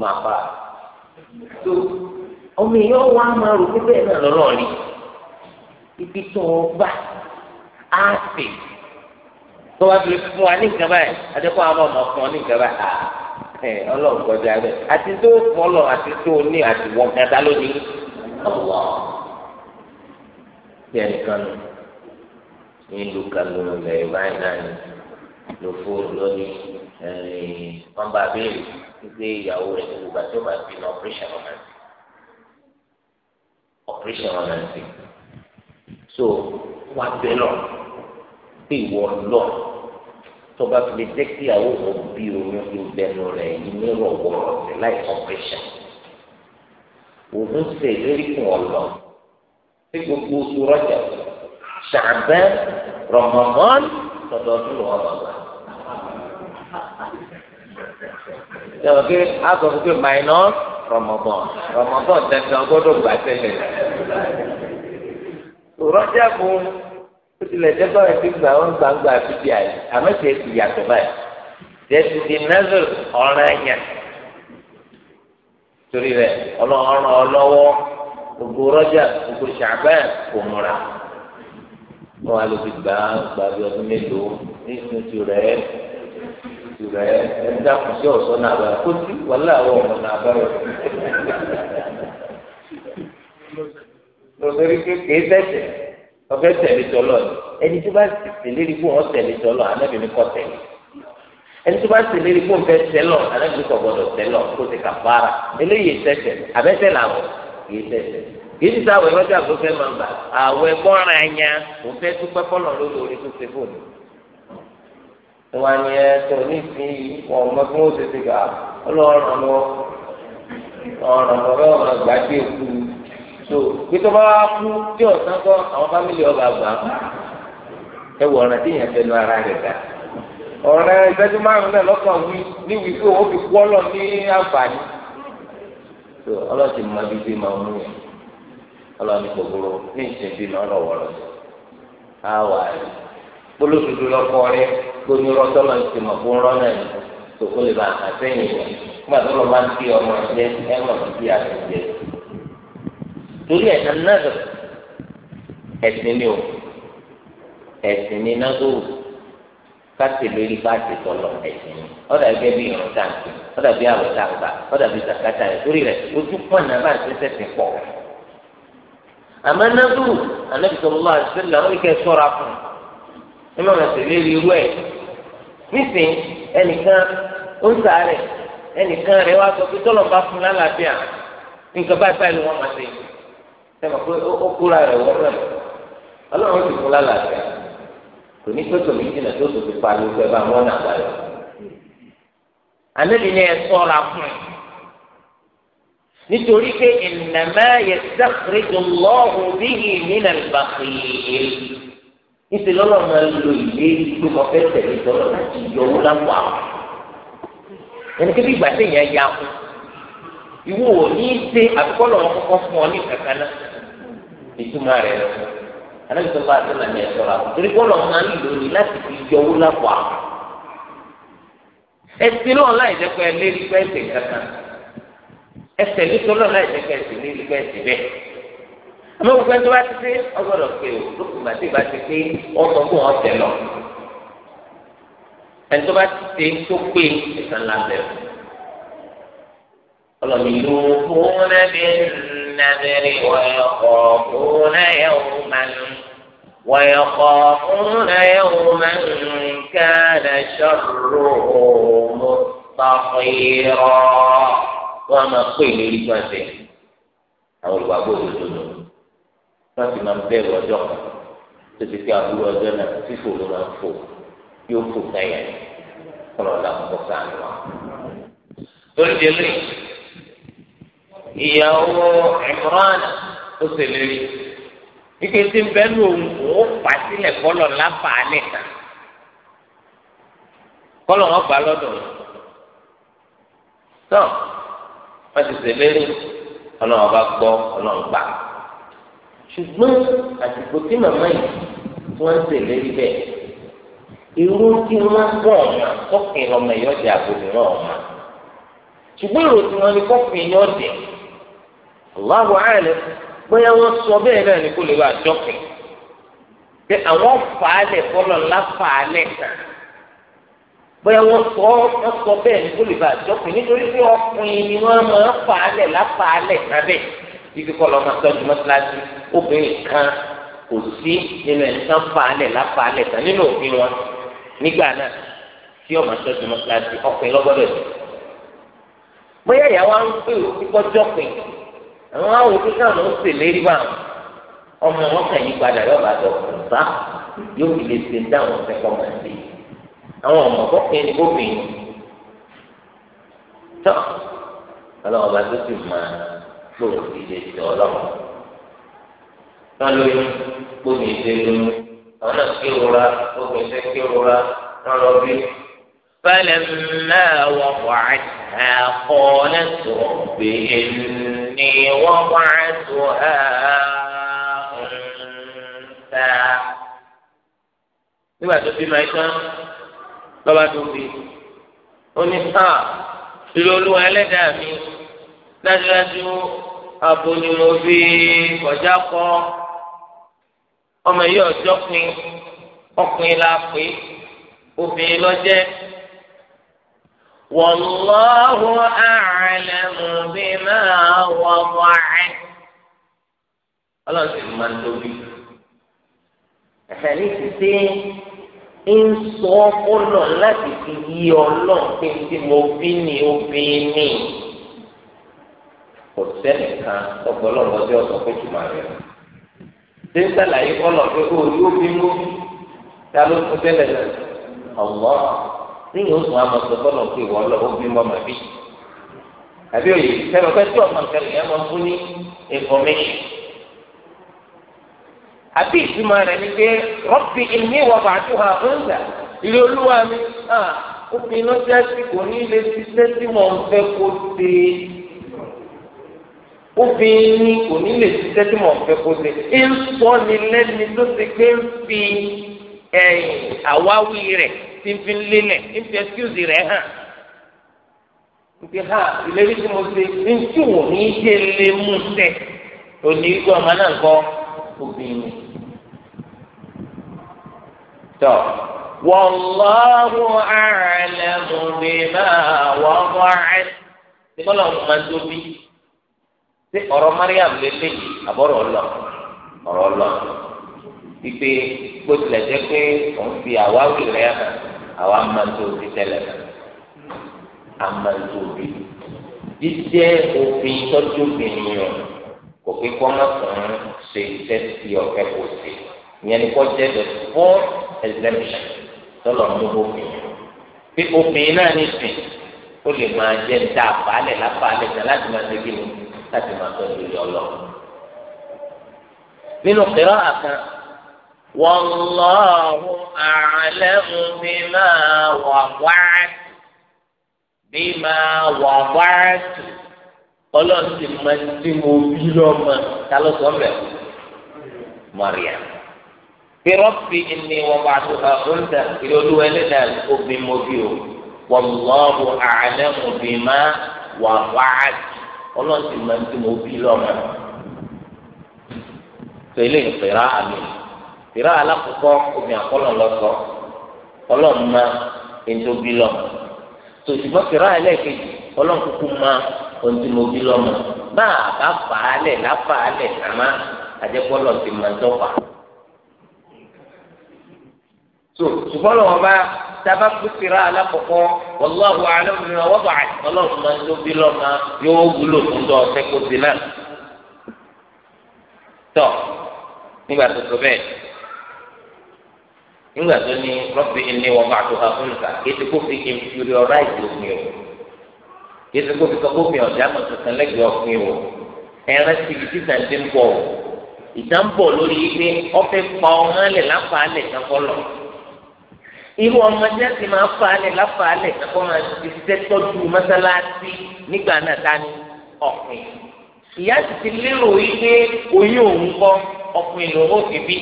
màá pa tó omi yóò wá máa rò pé bẹ́ẹ̀ náà lọ́rọ̀ rí ibi tó o gbà á pè tó wá fi fún wa ní nǹkan báyìí adékọ́ àwọn ọmọ fún ọ ní nǹkan báyìí à ẹ ọlọ́run kọjá rẹ àti tó fún ọ lọ àti tó o ní àti wọ́n kẹta lónìí ọ̀wọ́ bí ẹnìkan nù nílùú kan ló lẹ báyìí náà ni ló fóònù lónìí wọ́n bá béèrè wípé ìyàwó rẹ̀ ní gbogbo àti ọba ìbínú ọpẹ́rẹ́sì ọmọ ẹ̀ ọpẹ́rẹ́sì ọmọ ẹ̀ so wá bẹ lọ pé ìwọ lọ tọba fi lè jẹ kí àwọn òbí oyún ìgbẹnu rẹ yìí nírọwọ rẹ láì ọpẹṣẹ òun ṣe ìlérí fún ọ lọ pé gbogbo oṣù rọjà ṣàbẹ rọmọmọn tọdọọdún lọ wọn bàbá sọ pé a sọ fún pé minus rọmọmọn rọmọmọn tẹsán gbọ́dọ̀ gbà tẹ́lẹ̀ òrọ́jà bò ó tilẹ̀ jẹ́ báwọn ẹbí gbà wọn gbàgbà àbíbí àyè àmọ́ tiẹ̀ ti yàtọ̀ báyìí tiẹ̀ ti di nẹ́sẹ̀ ọ̀ràn ẹ̀yà torí rẹ̀ ọlọ́run ọlọ́wọ́ gbogbo òrọ́jà gbogbo ṣàbẹ́ kò múra wọn á lè fi gbà gbà bí ọdún mélòó ní ìsúntì rẹ̀ ìsúntì rẹ̀ ẹ̀ ń dàkùn sí ọ̀sán nàbà kó tí wàhálà àwọn ọmọ lórí kékeré tẹ̀sẹ̀ ọ̀fẹ́ tẹ̀lé tọ́lọ̀ ẹni tó bá tẹ̀lérí fún wọn tẹ̀lé tọ́lọ̀ anábì ní kọ́ tẹ̀lé ẹni tó bá tẹ̀lérí fún fẹ́ tẹ́lọ̀ anábì kọ́ gbọ́dọ̀ tẹ́lọ̀ kó ti kà fara eléyìí tẹ̀sẹ̀ abẹ́tẹ̀ làwọn kìí tẹ̀sẹ̀ kìí ti sáwọ̀ ẹ̀rọ́jà tó fẹ́ máa gbà àwọ̀ ẹ̀gbọ́n ra ẹ̀yà kò fẹ́ dúpẹ́ fọ́lọ̀ lórí orí tó ṣe fóònù wọn yẹ tó nísìnyí wọn mọ fún òṣèṣe gà ọlọ́run lọ ọ̀ràn lọ bẹ́ẹ̀ wọn gbàgbé kú so pété bá wá kú tí ọ̀sán kọ́ àwọn fámìlì ọba gbà ẹ wọ ọ̀ràn tí yẹn fẹnu ara rẹ̀ dá ọ̀ràn ìṣẹ́jú márùn-ún náà lọ́kàn wí níwì pé òun fi kú ọlọ́ ní àǹfààní so ọlọ́ọ̀tì mọ ibi tí máa mú yẹn ọlọ́ọ̀ni gbogbo ní ìṣẹ́jú náà lọ́wọ́rọ́ á wà rí kpolotutu lọkọ rẹ gbóni rọtọ lọ ti mọ fún rọ náà tòkó lè ba àtẹ̀yìn rẹ kó bàtà lọ bá ń ti ọmọ ẹgbẹ́ ẹ mọ ti àtẹ̀yìn rẹ torí ẹ̀ anádùn ẹ̀sìn ni o ẹ̀sìn ni nádùn káti lórí báàtì tọlọ ẹ̀sìn ni ọ̀dà gẹ́gẹ́ bí irun táǹkì ọ̀dà bí àwọ̀ táǹkà ọ̀dà bí zakata rẹ̀ torí rẹ̀ ojú pọ̀ náà bá ń sẹ́sẹ̀ sí pọ̀ àmọ́ nádùn anábì sallallahu alaihi wasallam ó kẹ́ sọ́ra fún un ẹ má ma tẹ̀lé irú ẹ̀ nísìnyí ẹnìkan ó ń sàárẹ̀ ẹnìkan rẹ̀ wá sọ pé tọ́lọ̀ bá fún lálàáfíà nǹkan báyìí báyìí ni wọ́n máa ṣe sẹ́wọ̀n pé ó kúra rẹ̀ wọ́n rẹ̀ ọlọ́run ti fún lálàáfíà kò ní pẹ́tọ́ mi jìnnà tó tó fi pariwo pé bá wọn nàgbà yọ. ànábì ni ẹ sọ́ra fún un nítorí pé ìnàmá yẹ sáfìrìjù lọ́ọ̀hún bí ìmínà ìbàkìyè níṣẹ́ lọ́lọ́ máa ń lo ìwé tó kọ fẹ́ tẹ̀lé tọ́lọ́ láti yọ owó lápò àwọn. ẹni kébí ìgbà téèyàn ya kú ìwọ ní í ṣe àbíkọ́ lọ́wọ́ kọ́kọ́ fún ọ ní kankan ìtumọ̀ rẹ̀ lọ anabi sọ fún asọ́nà ní ẹ̀sọ́ la torí kó lọ́ọ́ máa ń lò ní láti fi yọwó lápò àwọn ẹsìn náà láì jẹ́ pé ẹlẹ́ rí pé ẹsẹ̀ kankan ẹsẹ̀ nítorí náà láì jẹ́ pé ẹsẹ̀ ní rí pé ẹsẹ̀ bẹ́ẹ̀ àmọ́ gbogbo ẹni tó bá ti dé ọgbọ́dọ̀ pé o lókùn bá ti bá ti pé ọkọ̀ fún ọ̀tẹ̀ lọ ẹni tó bá ti dé tó pé ẹ̀sán lábẹ́ ọlọ́mi ló fún ẹbí ẹ̀ النذر ويخافون يوما ويخافون يوما كان شره مستطيرا وما قيل لك àwọn olùwàgbọ́ òdodo nù wọ́n ti máa ń bẹ̀rù ọjọ́ kan tó ti fi àbúrò ọjọ́ náà fífò ló máa ń fò yóò fò káyà ní kọ́lọ́ọ̀dà kọ́kọ́ sáà nù wá. lórí délé ìyàwó Imran ó ṣèlérí ike tí ń bẹnu òun ó fà sílẹ̀ kọ́lọ̀ lábà nìkan kọ́lọ̀ wọn gbà lọ́dọ̀ tọ́ wọ́n ti ṣèlérí ọlọ́run bá gbọ́ ọlọ́run gbà ṣùgbọ́n àsìkò tí màmá yìí tí wọ́n ń ṣèlérí bẹ́ẹ̀ irú tí wọ́n gbọ́ ọ̀nà kọ́kìn lọ́mọ ẹ̀yọ́dẹ̀ àbòmíràn ọ̀ma ṣùgbọ́n èrò tí wọ́n ní kọ́kìn Allahu a'lam bóyá wọ́n sọ bẹ́ẹ̀ náà ní kó lè bá dọ́kìn pé àwọn fàálẹ̀ fọlọ́ ńlá fàálẹ̀ kan bóyá wọ́n sọ wọ́n sọ bẹ́ẹ̀ ní kó lè bá dọ́kìn nítorí pé ọkùnrin ni wọ́n máa fàálẹ̀ láfàálẹ̀ lábẹ́ ibi kọ́ lọ́ọ́ máa tọ́jú mọ́tíláṣí obìnrin kan kò sí nínú ẹni tán fàálẹ̀ láfàálẹ̀ kan nínú òfin wọn nígbà náà tí ọmọ tọ́jú mọ́tíláṣí ọkùnrin lọ́gbọ́dọ̀ àwọn àwọn kíkà ló ń sè lérí bá ọmọ wọn kàn yí padà yóò bá dọ̀ bá yóò fi lè ṣe dáhùn sẹ́kọ̀ máa ṣe àwọn ọmọ kọ́kẹ́ ni gómìnà tọ́ ọlọ́wọ́ bá tó sì máa gbòòrò ìdè sí ọlọ́wọ́ wọn lóyún gbòòrò ìdè lóyún àwọn náà kí rora gbòòrò ìdè kí rora wọn lọ bí. فلما وقعتها قالت رب إن إني وضعتها أنثى nígbà tó bímọ ẹ̀tàn lọ́ba tó bí ó ní ká ìlú olúwa ẹlẹ́dàá mi dájúdájú abo ni mo fi kọjá kọ́ ọmọ yìí ọjọ́ pin والله أعلم بما وضعت الله ما نتوبي àṣàlẹ̀ ti ṣe ń sọ ọpọlọ láti fi yí ọlọ́run pé tí mo bí ni ó bí ni kò sẹ́nìkan ọ̀pọ̀lọpọ̀ tí ọ̀sán pé tùmọ̀ rẹ̀ ṣé ń sàlàyé kọ́lọ̀ pé ó yóò bí mú ta ló fún tẹ́lẹ̀ náà ọ̀gbọ́n téèyàn ó sùn àmọ́ sọ fọlọ pé ìwọ lọ ó bí mọmọ bí àbí òye sẹlẹ pé tí ọmọ nǹkan lèèyàn máa ń fún ní information àbí ìtumọ̀ rẹ̀ ni pé rọ́bì ìní wà bàtú ha ọ̀nzà ilé olúwa mi ó fi iná sí àsìkò ní ilé ṣiṣẹ́ tí wọ́n fẹ́ kó ṣe ó fi ní kò ní lè ṣiṣẹ́ tí wọ́n fẹ́ kó ṣe ń sọ ni lẹ́ni tó ṣe pé ń fi ẹ̀yìn àwáwí rẹ̀ tí ń fi lélẹ̀ ń fi ẹ́síkúùsì rẹ̀ hàn níbi ha ìlérí tí mo ṣe ń tí wò ní í ṣe lè mú sẹ òní ikú ọmọ náà kọ obìnrin tọ wallahu a'lamu bima wada'at nígbàlá ọmọ máa tóbi ṣé ọ̀rọ̀ Mariam lélẹ̀ àbọ̀rọ̀ ọlọ ọ̀rọ̀ ọlọ ìpè gbọ́dọ̀ lẹ́jẹ́ pé òun fi àwáwí rẹ̀ hàn àwa máa tó fi tẹ́lẹ̀ a máa tó fi jíjẹ́ òfin tọ́jú obìnrin o kò pé kọ́ má kàn án ṣe iṣẹ́ tí ọ̀fẹ́ kò sí ìyẹn ni kò jẹ́ the fourth exemption tọ́lọ̀ mú òfin pé òfin náà ní sìn ó lè máa jẹ́ ní tá a bàálẹ̀ láti máa ṣe kí ni láti máa tọ́jú ìyọ́ nínú pẹ̀lú àkàn. والله أعلم بما وضعت بما وضعت قلت من تموبيلوما قالوا سمع مريم بربي إني وضعتها أنثى يقولوا لنا الأب مبيو والله أعلم بما وضعت قلت من تموبيلوما فإليه قراءة منه ìrá alákòókò omi àkọlọ̀ lọ́sọ̀ ọlọ́run ma ètòbí lọ́mọ tòṣùbọ́ ìrá ẹlẹ́ẹ̀kejì ọlọ́run kúkú ma òǹtìmọ̀bí lọ́mọ báà bá fà á lẹ̀ láfà á lẹ̀ àmá àjẹpọ́lọ̀ ti máa dọ́fà. so ṣùgbọ́n lọ́wọ́ bá sábà kúkìrá alákọ̀ọ́kọ́ wàlláhu alam ni wọ́n bá ọlọ́run máa ń tóbi lọ́mọ yóò wúlò fún tọ́ nígbà tó tó bẹ́ẹ̀ nígbà tó ní rọ́bì ẹni wọn bá tó ha fún nìkan kó fi inferiorize òfin o ètò kó fi kọ́kọ́ fi ọ̀dà mọ̀ tuntun lẹ́gbẹ̀ẹ́ òfin o ẹran ti fi títà ti ń bọ̀ o ìtàn ń bọ̀ lórí pé ọ̀fẹ́ pa ọmọ alẹ̀ láfa alẹ̀ kan kọ́lọ̀ irú ọmọdé ti máa fa alẹ̀ láfa alẹ̀ kan máa ti fi tẹ́tọ́jú mọ́sálásí nígbà náà ta ni ọ̀pìn ìyá ti ti lérò yìí oyún òun kọ́ ọ̀pìn lòun ò fi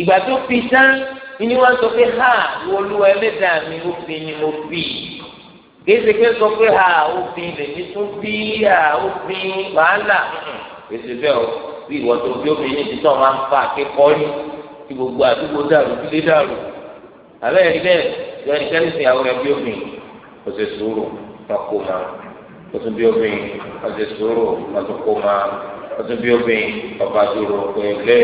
ìgbà tó fi tán ni wọn sọ pé ha wọlú ẹlẹ́dàá mi òfin ni mo bì í kéésì pé sọ pé ha òfin lèmi tún bí ha òfin wàhálà èsì bẹ́ẹ̀ o bí ìwọ tó bí obìnrin ti tán máa ń fa akẹ́kọ̀ọ́ ní kí gbogbo àdúgbò dàrú kílé dàrú àbẹ́ ẹ̀rí bẹ́ẹ̀ ìwọ nìkan ní ìsìnyàwó rẹ bí obìnrin kò sì sùúrù máa kò bí obìnrin kò sì sùúrù wọn máa kò bí obìnrin ọba dúró pé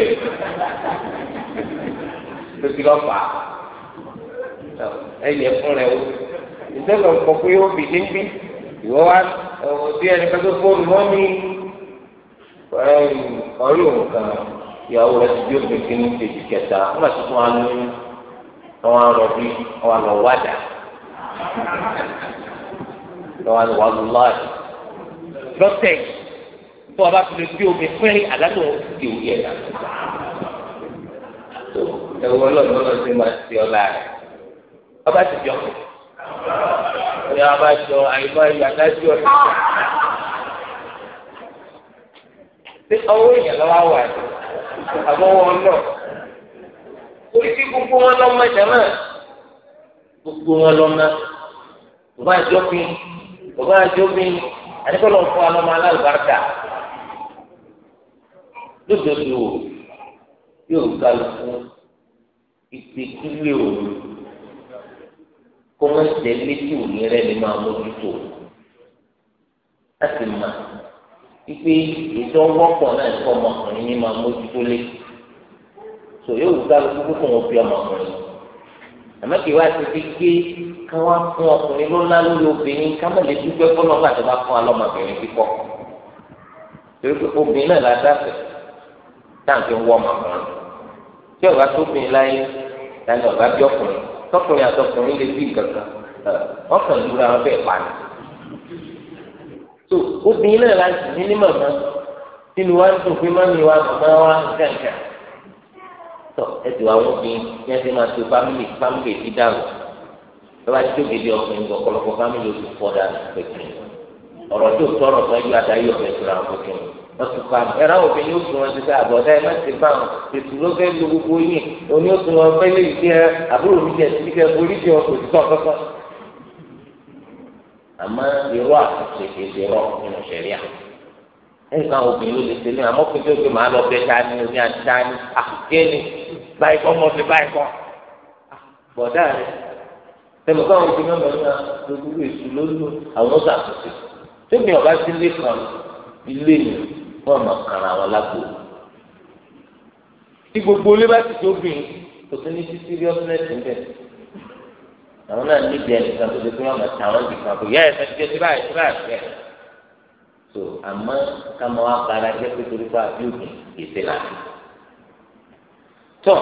tó ti lọ fà á ẹyẹ fún rẹ o ìtọ́lọ̀ ń kọ́ pé ó bì níbí ìwọ wa bí ẹni pẹ́ tó fóònù wọ́n ní ọ̀rí òun kan ìyàwó rẹ ti di òbí kí ní kejì kẹta wọ́n ti fún wa lóyún àwọn arọ̀bí àwọn àlọ́wádà lọ́wọ́ àlọ́wọ́ lọ́ọ̀dì lọ́tẹ̀ tó o bá fi lè bí omi fẹ́rẹ́ àdánù òkè òye ẹ̀ tó ẹwọ ọlọ́run lọ́dọ̀ sí máa ti ọ̀la rẹ̀ ọba ti jọ ní ọba jọ àyùbá ìyá dájú ọ̀la ṣé ọwọ́ èèyàn lọ́wọ́ wà ní àbọ̀wọ́ náà torí bí gbogbo wọn lọ́ mọ̀ jẹ́mọ́ gbogbo wọn lọ́ mọ̀ bàbá àjọbí bàbá àjọbí àdìgbọ́lọ́ fún alọ́mọ alábàárà lójoojúmọ́ yóò ga lọ fún ìpèkílé òru kó má jẹ létí òní rẹ ni máa mójútó láti mà ipe ìjọ wọ́pọ̀ náà ní ọmọkùnrin ní máa mójútó lé tò yóò ga lọ fún kókò wọn fi ọmọkùnrin àmọ́ kí wá ti fi gé ká wá fún ọkùnrin ló ńlá lórí obìnrin ká má lè dúpẹ́ fọlọ́gbà tó bá fún alọ́mọbìnrin kíkọ́ torí pé obìnrin náà la dáfẹ́ táǹkì ń wọ́ màkùnrin tí ọ̀gá tóbìnrin láyé láyé ọ̀gá bí ọkùnrin tọkùnrin àtọkùnrin lè bí kankan ọkàn lura wọn bẹ́ẹ̀ pa ni. tó obìnrin náà la sì ní ní màmá sínú wa ń dùn pé mọ́mí wa màmá wa kankan tọ ẹtù àwọn obìnrin yẹn ti máa tó fámìlì fámìlì ti dàrú lọ́wọ́ àti tóbi di ọkùnrin gbọ̀kọ̀lọ̀kọ̀ fámìlì oṣù fọ́dà pẹ̀kìn ọ̀rọ̀ tó tọrọ sọ́jú àtàyè ọ̀fẹ́ tó ra ọkùnrin ọtúnfà ẹ̀rọ àwọn obìnrin yóò tún wọn ti sẹ àbọ̀dá ẹ mẹ́tì bá wọn ètò ló fẹ́ lo gbogbo yìí òní ó tún wọn fẹ́ lè jẹ àbúrò mi jẹ sí kẹ orí jẹ ọkọ̀ òtítọ́ kankan. àmọ́ irọ́ àtúnṣe kìí ṣe irọ́ nínú sẹ̀ríà ẹ̀ka obìnrin ló lè ṣe ní àmọ́ pé tó gbé màá lọ bẹ ta ni omi àti ta ni àkéènì báyìí kọ́ mọ́ fi báyìí kọ́ bọ̀dá rẹ̀ tẹ̀mọ̀ká àwọn obìnrin ọmọ náà gbogbo èṣù ló lò àwọn ó sàtúnṣe tóbi ọba sí ilé kan ilé yìí wọn mọ kàrà wọn lágbo tí gbogbo olé bá ti tóbi kò sí ní sí seriousness níbẹ̀ àwọn náà níbi ẹnìkan tó ṣe pé wọn mọ tàwọn jù kan kò yẹ ẹsẹ ti ti báyìí ti báyìí so àmọ́ ká mọ jẹ pé torí pa àbíòkè ètè láti tọ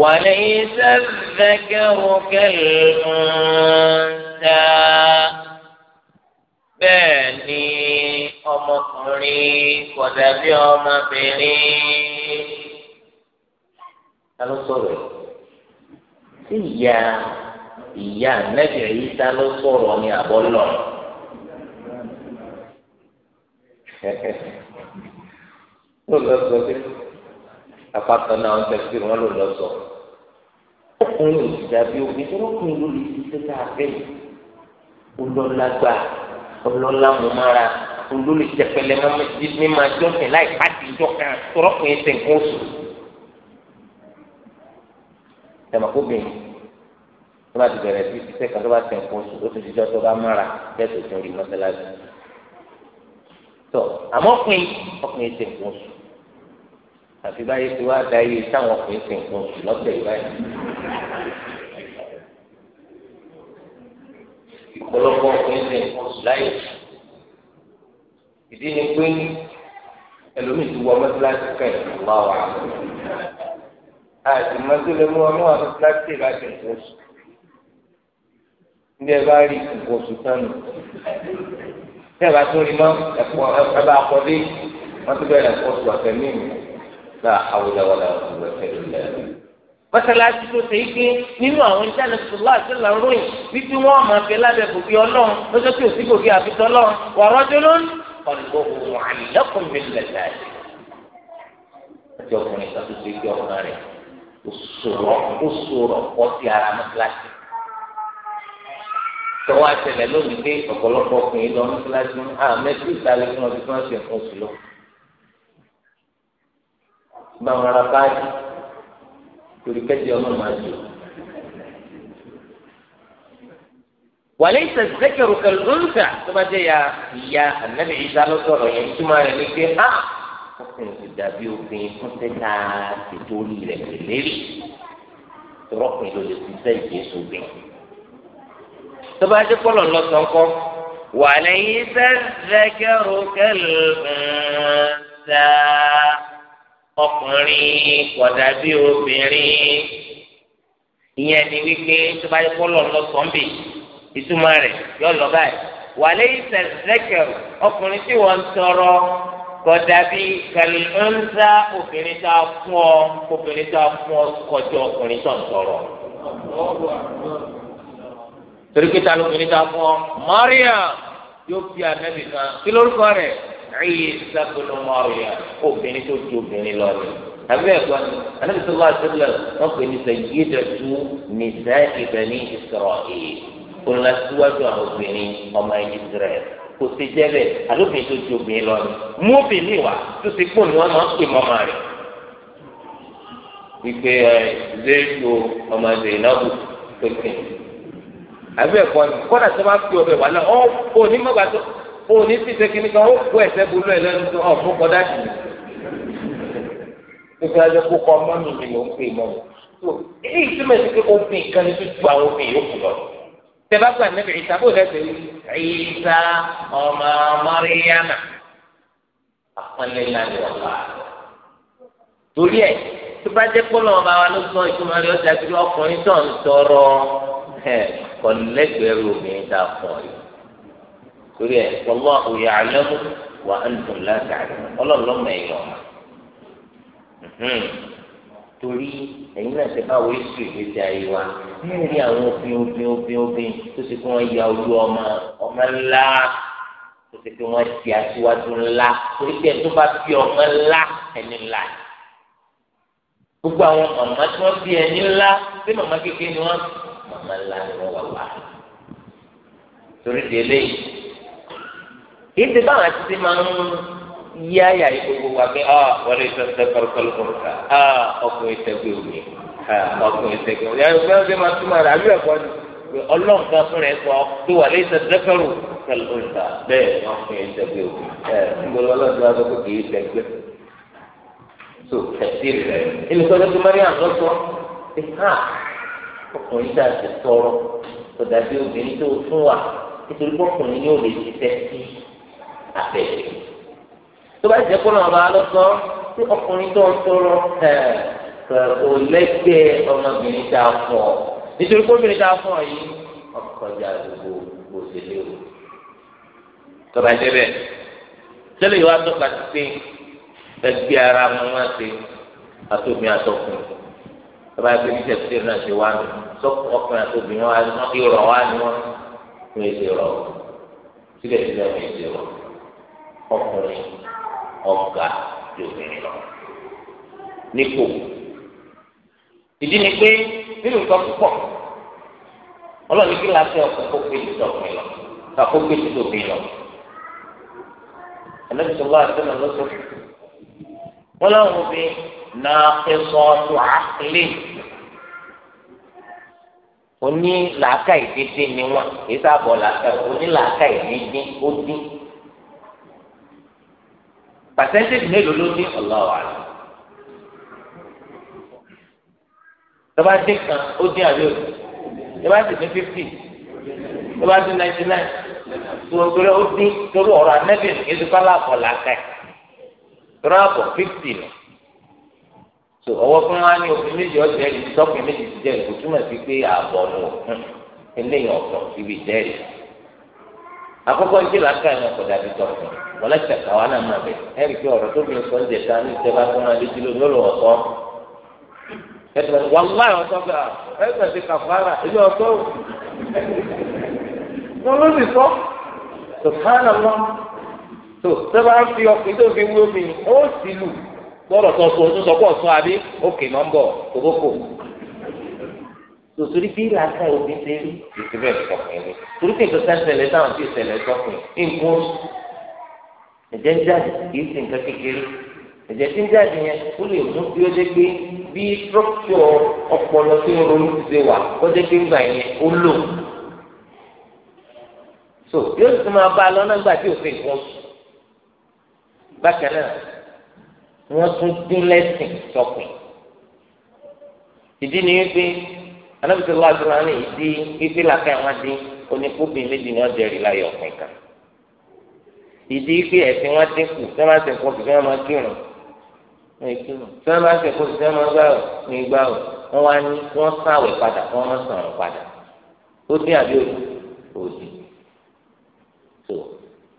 wàlẹ́yìn sẹ́fẹ̀kẹ́rù kẹ́lẹ́ ń ta bẹ́ẹ̀ ni ọmọkùnrin kò dàbí ọmọbìnrin. ta ló sọ̀rọ̀ ẹ̀ sí ìyá ìyá nẹ́bìrì yìí ta ló sọ̀rọ̀ ní àbọ̀ lọ. ló lọ sọ pé apáta náà ń tẹ̀sí wọn ló lọ sọ. ọkùnrin ò sì dàbí obìnrin tó lọ́kùnrin ló lè ṣiṣẹ́ tá a fẹ́ yìí. ó lọ lágbà ó lọ olólùjẹpẹlẹ mímọ jọsìn láì pàtì jọkàn tọrọkùn ẹsẹ nǹkan oṣù tẹmọkóbìnrin tó bá ti bẹ̀rẹ̀ sí iṣẹ́ kan tó bá tẹ̀ nǹkan oṣù ó ti dijọ́ tó bá mára bẹ́ẹ̀ tó tún rí mọ́sálásí tọ àmọ́ pin ọkùnrin ẹsẹ nǹkan oṣù àfi báyìí tí wàá da iye táwọn ọkùnrin ẹsẹ nǹkan oṣù lọ́sẹ̀ yìí báyìí. ọ̀pọ̀lọpọ̀ ọkùnrin ẹsẹ nǹkan oṣù láyé ìdí ni pé ẹlòmíì ti wọ mọ́tíláṣí kẹ́ẹ̀ bá wà á àti mọ́tíláṣí mú ọmọ wa mọ́tíláṣí láti ẹ̀kọ́ sùn ní ẹ bá rí ìkókò sùn sánù tẹ́ ẹ bá tó rí mọ́ ẹ̀kọ́ ẹ bá kọ́ dé mọ́tò bẹ́ẹ̀ ẹ̀kọ́ sùn àtẹ̀mí mi gba awolowolo ọ̀sẹ̀ ìlẹ̀. mọ́sálásí tó ṣe ike nínú àwọn ìjánu sọlá àṣẹlá ń ròyìn wípé wọ́n máa fẹ́ lábẹ́ bòbí ọlọ́run lọ́jọ́ tí ò sí bòbí àfitọ́ ọlọ́run wà rọ́jò lónìí. قلبه معلق باللذات ọkùnrin kan tó ṣe gbé ọkùnrin rẹ kò sòrò kò sòrò pọ̀ sí ara mọ́tíláṣí tọwọ́ àtẹlẹ lónìí pé ọ̀pọ̀lọpọ̀ ọkùnrin lọ mọ́tíláṣí àmẹ́tí ìsàlẹ̀ fún ọdún tí wọ́n ṣe lọ. báwọn báyìí torí kẹ́jọ ọmọ màá jù ú. وليس الذكر كالأنثى ثم يا يا النبي عيسى لو ترى يعني ثم يقول ها ọkùnrin ti dàbí obìnrin fún tẹ́tà tìtorí rẹ̀ lélẹ́rì tọrọkùnrin ló lè ṣiṣẹ́ ìjẹ́sọ obìnrin. tó bá dé kọ́lọ̀ lọ sọ ńkọ́ wà lẹ́yìn sẹ́sẹ́kẹ́rù ọkùnrin kò dàbí obìnrin ìyẹn ni wípé tó bá dé kọ́lọ̀ lọ sọ ń ìtumọ̀ rẹ̀ yọ lọ báyìí wàlẹ́ ìsẹ̀lẹ̀kẹ̀ ọkùnrin tí wọ́n ń tọrọ kọjá bí kẹlẹ́ńsá obìnrin tá a fún ọ obìnrin tá a fún ọ kọjá ọkùnrin tó ń tọrọ. torí pé ta lóbìnrin tá fún ọ Maria yóò fi ànábì kan kí lórúkọ rẹ̀ ẹ̀yẹ sábẹ́nu Maria obìnrin tó ju obìnrin lọ rẹ̀ àbí ẹ̀gbọ́n ni ànábì sallallahu alaihi wasallam wọ́n pè ní sayyidatu nisa'i bani Isra'il. òun la síwájú àwọn obìnrin ọmọ Israẹli kò sí jẹ́ bẹ́ẹ̀ tó ju obìnrin lọ ni mú obìnrin tó ti pọ̀ ní wọ́n máa ń pè mọ́mọ́ rẹ̀ wípé ẹ zéèlú ọmọ ẹ̀dẹ̀ náà tó ti àbí ẹ̀kọ́ ni kọ́dà tó bá fi ọbẹ̀ wà náà ọ́ òní mọ́gbà tó òní ti ṣe kíní kan ó kó ẹ̀sẹ̀ bulú ẹ̀ lẹ́nu tó ọ̀ fún kọ́dà tì mí pípẹ́ kó kọ́ tẹ́lá gba níbi ìsá bó lẹ́sẹ̀ ìsá ọmọ mọ́ríyámà àpọ́nlé ńlá ni wọ́n bá torí ẹ̀ tó bá jẹ́ pọ́nlọ́ ọba wa ló sọ ìtumọ̀ rẹ̀ ọjà bí ọkùnrin tó ń tọrọ kọ lẹ́gbẹ̀rún obìnrin tá a fọ́ yìí torí ẹ̀ pọ́nlọ́ òye àlẹ́mú wà á ń dùn látàrí ọlọ́ọ̀lọ́mọ ẹ̀yọ̀ torí ẹ̀yin náà ti bá wọ́n èsì ìgbésí ayé wa rí àwọn obìn obìn obìn obìn tó ṣe kí wọ́n ya olú ọmọ ọmọ ńlá tó ṣe kí wọ́n ti aṣíwájú ńlá torí pé tó bá fi ọmọ ńlá ẹni ńlá gbogbo àwọn màmá tí wọ́n fi ẹni ńlá sí màmá kékeré ni wọ́n màmá ńlá ni wọ́n wà wá torí délé yìí kì í ti báwọn àti ti máa ń yáyà gbogbo wa pé ọ wọlé ìtọ́sẹ̀ kọ́rọ́kọ́rọ́ kọ́rọ́kọ́ ọ ah, ọkùnrin tẹ́gbẹ́ omi ọkùnrin ìṣègùn ọ̀yà ìgbẹ́ ọdẹ máa túmọ̀ rẹ̀ àbí ẹ̀kọ́ ni ọlọ́run kan fún rẹ̀ sọ tó wà lẹ́yìn sẹ́dẹ́kẹ́rù kẹlẹ́ọ̀dà bẹ́ẹ̀ ọkùnrin ìṣègùn ẹ̀ ńgbọ́n ọlọ́run tó kò kì í ṣẹgbẹ́ tó kẹsí rẹ̀ ẹnìkan tó Mariam lọ sọ ẹ ká ọkùnrin dà sí tọrọ tó dàbí obìnrin tó fún wa nítorí pọ́kùnrin yóò lè ṣiṣẹ́ sí àbẹ̀rẹ̀ tó bá jẹ́ kó náà máa lọ sọ pé ọkùnrin tó ń tọrọ ẹ̀ẹ́ olẹ́gbẹ́ ọmọbìnrin tá a fún ọ nítorí kóbìnrin tá a fún ọ yìí ọkọjà gbogbo gbòsèlè o tọba ẹsẹ bẹ́ẹ̀ tẹ́lẹ̀ yìí wàá tọ́ka sí pé ẹgbẹ́ ara mu wá sí atómi atọkùn tọba ẹgbẹ́ ní sẹpítẹ náà ṣe wá nù sọkùn ọkùnrin atómi wá ní wọn ìrọ wá ní wọn ní èsì rọ síbẹ̀síbẹ̀ ní èsì rọ ọkùnrin ọgá ju lọ nípò ìdí ni pé nínú nǹkan púpọ̀ ọlọ́run kí láti ọkọ̀ kó pé títọ̀ pé lọ kó pé títọ̀ pé lọ. ẹlẹ́sìn wá sí ọ̀nà lọ́sọ̀ wọn láwọn obìnrin náà fẹ́ sọ ọ́tún àkílè oní làákà ìdíje ni wọn èyí sábọ̀ làákà oní làákà ìdíje ó dín pàṣẹ́ńtéèjì mélòó ló ní ọ̀la tọba dín kan ó dín àbí òsì tọba sì ní fífì tọba dín náìtì náì tòwòtòrò ó dín torí ọ̀rọ̀ anẹbì nìyẹn kọlá àpọ làákà ẹ tọrọ àpọ fífì nù tó ọwọ́ fún wa ní òfin méjì ọjọ ẹni tọpin méjì ti jẹrìí kò túmọ̀ sí pé ààbọ̀ nù eléyìí ọ̀pọ̀ ibi jẹrìí àkọ́kọ́ ní kí làákà ẹ náà kọ dàbí tọpin wọlé tẹka wa náà má bẹ ẹ rí i pé ọ̀rọ̀ tó bí nǹkan jẹta ní ìtẹ́bá tó máa dé ẹgbẹ wàllá yọ sọ fẹ ẹgbẹ ti kàfàrà ẹbí ọtọ wọn ló sì sọ sọfàànà lọ tó sábà fi ọkùnrin tó fi wí omi ó sì lù gbọdọ sọ sọ tó sọ pọ sọ àbí òkè nọmbọ òkòkò tòtòrí bí làákà òbí ṣe rí ìṣẹ̀lẹ̀ ìṣọkùnrin ni torí pé nǹkan ṣẹlẹ̀ táwọn fi ṣẹlẹ̀ ìṣọkùnrin nǹkan ẹ̀jẹ̀ ń jáde kì í ṣe nǹkan kékeré ẹ̀jẹ̀ tí ń jáde yẹn ó lè mú kí ó dé pé bí trọ́pù ọpọlọ tí ń ronú ti ṣe wà ó dé pé ńgbà yẹn ó lò so yóò sì máa bá a lọ náà gbà tí òfin kan bákan náà wọ́n tún dín lẹ́sìn sọkùn ìdí ni wípé anábìsọ̀lá àdúrà ní ìdí pípé làkà wọn dín oníkóbìn méjì ni wọ́n jẹ́rìí láyọ̀ ọ̀pìn kan ìdí pé ẹ̀sìn wọn dínkù tí wọ́n bá ti ń pọ̀ máa kírun ẹ̀kínú tí wọ́n máa ń sẹ́kọ̀ọ́ tí wọ́n máa ń gbà ọ̀ ní ìgbà ọ̀ wọ́n wá ní wọ́n sàwẹ̀ padà wọ́n máa sàrùn padà ó dín àbí òdì òdì tó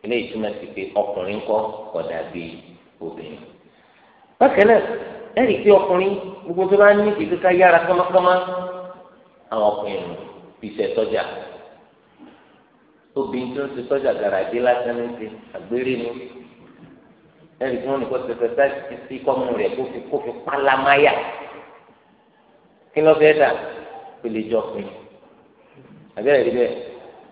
ilé ìtumọ̀ sí pé ọkùnrin kọ́ kọ̀dà bí obìnrin. bákan náà ẹ̀rí pé ọkùnrin gbogbo tó bá ní ìdí ká yára kọ́mọ́kọ́mọ́ àwọn ọkùnrin fi ṣe sọ́jà obìnrin tó ń ṣe sọ́jà gàràdé lásán ní ti àgbéré ni ẹni tí wọn nìkan ṣẹṣẹ tá ti sí kọ́mù rẹ̀ kó fi kó fi pálámáyà kí ló fẹ́ dà kó lè jọ pin àbẹ́rẹ́ rí bẹ́ẹ̀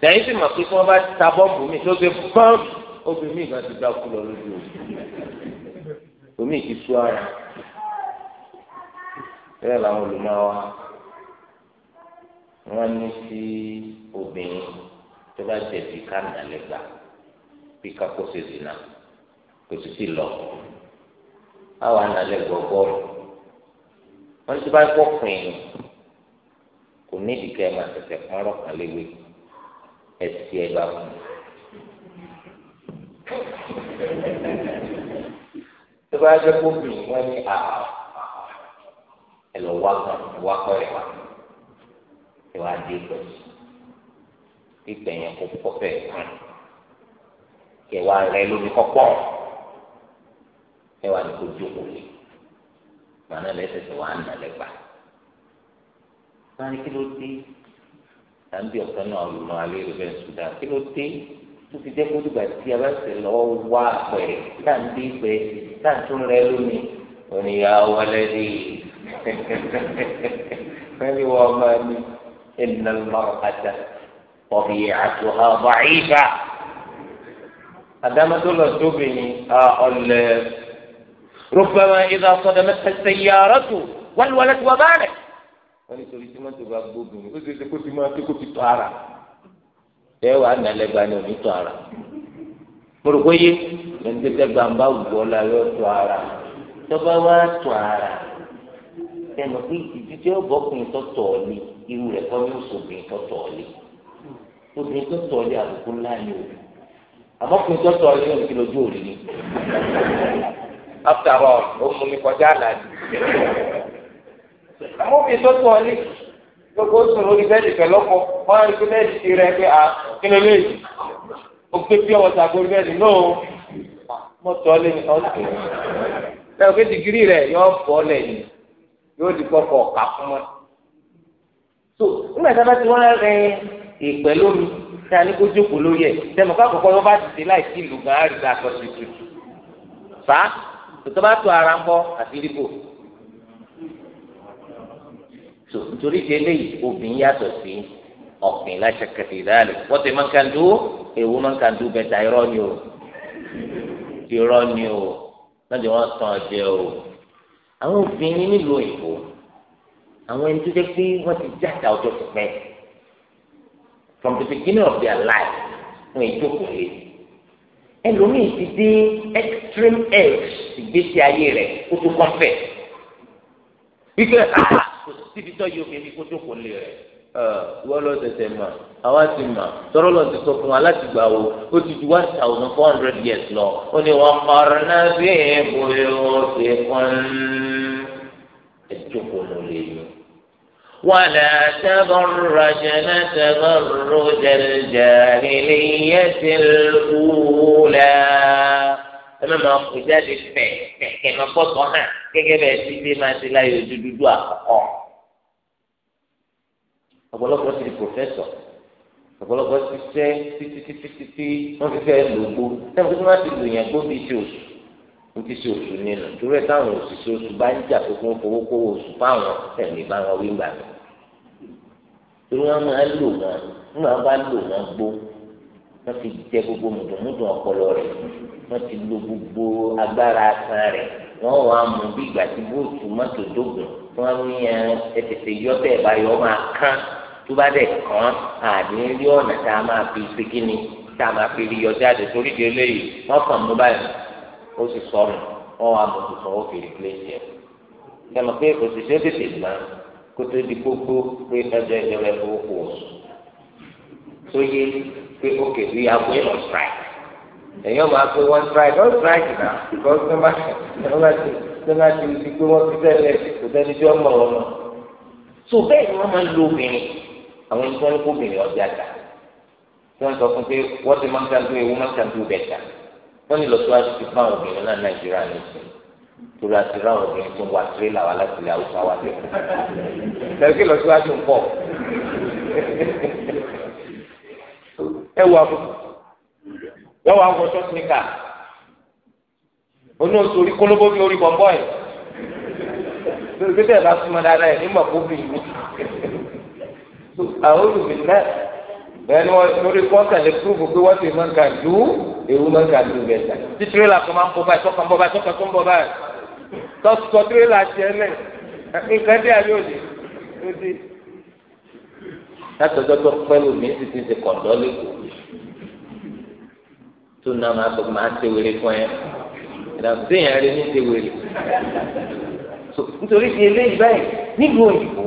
sẹ́yìn sì mọ̀ pé tí wọ́n bá ta bọ́ọ̀bù mi tó ṣe bọ́ọ̀bù obìnrin mi kan ti dákú lọ lójú o omi ti sú ara bẹ́ẹ̀ làwọn olùmọ̀wá wọ́n ní sí obìnrin tó bá jẹ̀bi ká nàlẹ́ gbà bí kakó ṣe dì náà kò sì sí lọ báwa náà lè gbọgbọ wọn ti bá kọ pin kò ní ìdíkẹ máa tẹsẹ̀ pọnrọ kan léwé ẹsì ẹ bá fún tó bá jẹ kó bì wọn ní à ẹ lọ wá kan wá kọ ẹ wá ẹ wá dé pẹ̀lú pípẹ yẹn kó kọfẹ kan kẹ wá rẹ lómi kọpọ ẹ wà ní kó jókòó lé gbaná lẹ́sẹ̀sẹ̀ wà á nà lẹ́gbà báyìí kí ló dé tàbí ọ̀kan náà olùmọ̀ alẹ́ rẹ̀ bẹ́ẹ̀ sùdà kí ló dé tó fi jẹ́ kó dìgbà tí a bá sì lọ́wọ́ wá àpẹẹrẹ tá à ń dé pẹ́ tá à ń tún wọ́n máa ní ẹnìyàn lọ́rọ̀ kájà ọ̀bì àtúhà bàáyíká àdámọ́tò lọ tóbi ni ọ̀lẹ́. ربما إذا صدمتها السيارة ولولت وبانت wọ́n ní torí tí mọ́tò bá gbógun ó ṣe ṣe kó ti máa ké kó ti tọ́ ara ẹ wà á nàlẹ́ gba ni òní tọ́ ara mo rò pé yé lẹ́ńdẹ́gbẹ́ gbàǹbá wù ọ́ la yọ tọ́ ara tọ́ba wá tọ́ ara ẹnu pé ìdí tí ó bọ́kùnrin tó tọ̀ ọ́ lé irú rẹ̀ kọ́ ní oṣooṣù tó tọ̀ ọ́ lé obìnrin tó tọ̀ ọ́ lé àbùkù ńlá ni o àmọ́kùnrin tó tọ̀ ọ́ lé ní kí lójú òrìlé after all ó mú mi kọjá àlàyé amófin tó tún ọ ní gbogbo ó sùn lórí bẹ́ẹ̀dì pẹ̀lú ọkọ wọn á rí pé bẹ́ẹ̀dì ti rẹ pé à kí ló lè yìí o gbé bí ọwọ́ sàgbórí bẹ́ẹ̀dì náà mọ tọ ọ lẹ́yìn ọ sùn ẹ pé dìgírì rẹ yóò bọ lẹ́yìn yóò di kọkọ ọkà fún wọn. so nígbà tí a bá ti wọ́n rẹ ìpẹ́ lómi tí a ní kó jókòó lórí ẹ̀ tẹmọ̀ ká kọ̀kọ́ wọn bá ti láì sí ìlú gan àrídà àtọ̀sí tuntun tòtò bá tó ara ń bọ́ àṣírí bò tó torí ti eléyìí obìnrin yàtọ̀ sí ọ̀pìn láṣẹ kẹtì ìdáàlẹ̀ wọ́n ti máa ń kan dúró èwo máa ń kan dúró bẹ́ẹ̀ irọ́ ni o irọ́ ni o lọ́dọ̀ wọn tàn ọ́ jẹ o àwọn obìnrin nílùú òyìnbó àwọn ẹni tó jẹ́ pé wọ́n ti jáde ọjọ́ tó from the beginning of their life wọ́n èjò kò ẹlòmíì ti dé extreme edge ìgbésí ayé rẹ̀ kó tó kọ́fẹ̀ wípé àà ah, kò síbi tó yọ kébí kó tó kò lè rẹ̀ wọ́n lọ tẹ̀tẹ̀ mà àwa ti mà tọ́rọ́ lọ ti sọ fún wa láti gbà wo ó ti ju one thousand four hundred years lọ ó ní wọn kọ́rin náà bí ìbòyè ó ti kún ẹjọ́ kò lè yọ. ولا تبرجن تبرج الجاهلية الأولى ẹmẹ máa kó jáde pẹ kẹkẹ máa bọ sọ hàn gẹ́gẹ́ bẹ́ẹ̀ ti dé máa ti láyé ojú dúdú àkọ́kọ́ ọ̀pọ̀lọpọ̀ ti di pòfẹsọ ọ̀pọ̀lọpọ̀ ti sẹ títí títí títí wọn fi fẹ́ lògbó sẹmu tó má ti lò yẹn gbó bíi ti oṣù ó ti ṣe oṣù nínú torí ẹ táwọn òṣìṣẹ́ oṣù bá ń jà pé kó ń fowó kówó oṣù fáwọn ẹmí bá wọn wí gbà mí torí wọn máa lò wọn nígbà wọn bá lò wọn gbó wọn ti jẹ gbogbo mùdùnmùdùn ọpọlọ rẹ wọn ti lo gbogbo agbára san rẹ wọn wà mú bí ìgbà tí bóòtù mọ́tò dógùn wọn ní ẹtẹtẹ yọ bẹ́ẹ̀ báyọ máa kán tó bá dẹ kàn àdéhùn rí ọ̀nà tá a máa fi ṣe kí ni tá a máa fi rí yọjá àdé torí di eléyìí wọn kàn mú báyìí ó sì sọnù wọn wà mú tuntun ó fi rí pílẹ̀ jẹ sẹ́mi pé òṣìṣẹ́ tètè gbọ́n kótó di gbogbo pé ọjọ́ ìjọba ẹ̀fọ́ kò sùn tó yé pé ókè bí agbé lọ strike èyàn máa pé one strike one strike náà because tó máa tó máa ti tó máa ti di pé wọ́n ti tẹ́lẹ̀ kò tẹ́ni tí wọ́n mọ̀ wọn lọ. tó bẹ́ẹ̀ ni wọ́n máa ń lo obìnrin àwọn ẹni tí wọ́n ní kó obìnrin ọjà ta tí wọ́n sọ fún pé wọ́n ti máa ń ta tó ewu máa ń ta tó bẹ̀ ta wọ́n ní lọ́sọ́wájú ti fún àwọn obìnrin náà Nàìjíríà nìyí torí àti ráwọn obìnrin tó ń wa tirẹ́là wa láti ilẹ̀ haúsá wa lẹ̀. Tẹ̀sí lọ síwájú ń pọ̀. Ẹ wọ àbùkù. Wọ́n wá wọ ṣọ́ọ̀tì níkà. Oní oṣù orí kólóbó bí orí bọ̀m̀bọ̀ ẹ̀. Lórí bí tẹ̀ bá súnmọ́ dáadáa ẹ̀ nígbà kó bì í. Àwọn olùbí náà bẹ́ẹ̀ni wọ́n lórí kọ́ńtà lè púrúfù pé wọ́n ti máa ń kà dùn, èwú máa ń kà dùn bẹ̀ẹ̀ta. Títírí làkọ́ máa ń bọ́ báyìí, tọ́kàn bọ́ báyìí, tọ́kàn tó ń bọ́ báyìí tọ́sọ tirẹ́là tiẹ̀ lẹ̀ nǹkan dé àbí òde òde. látọjọ́ tó pẹ̀lú mi ti ti ṣe kọńdọ lẹkọọ tó nà máa tó máa ṣe wèrè fún ẹ ìdàgbàsó èèyàn rẹ ní ṣe wèrè. nítorí ti eléyìí báyìí nílùú òyìnbó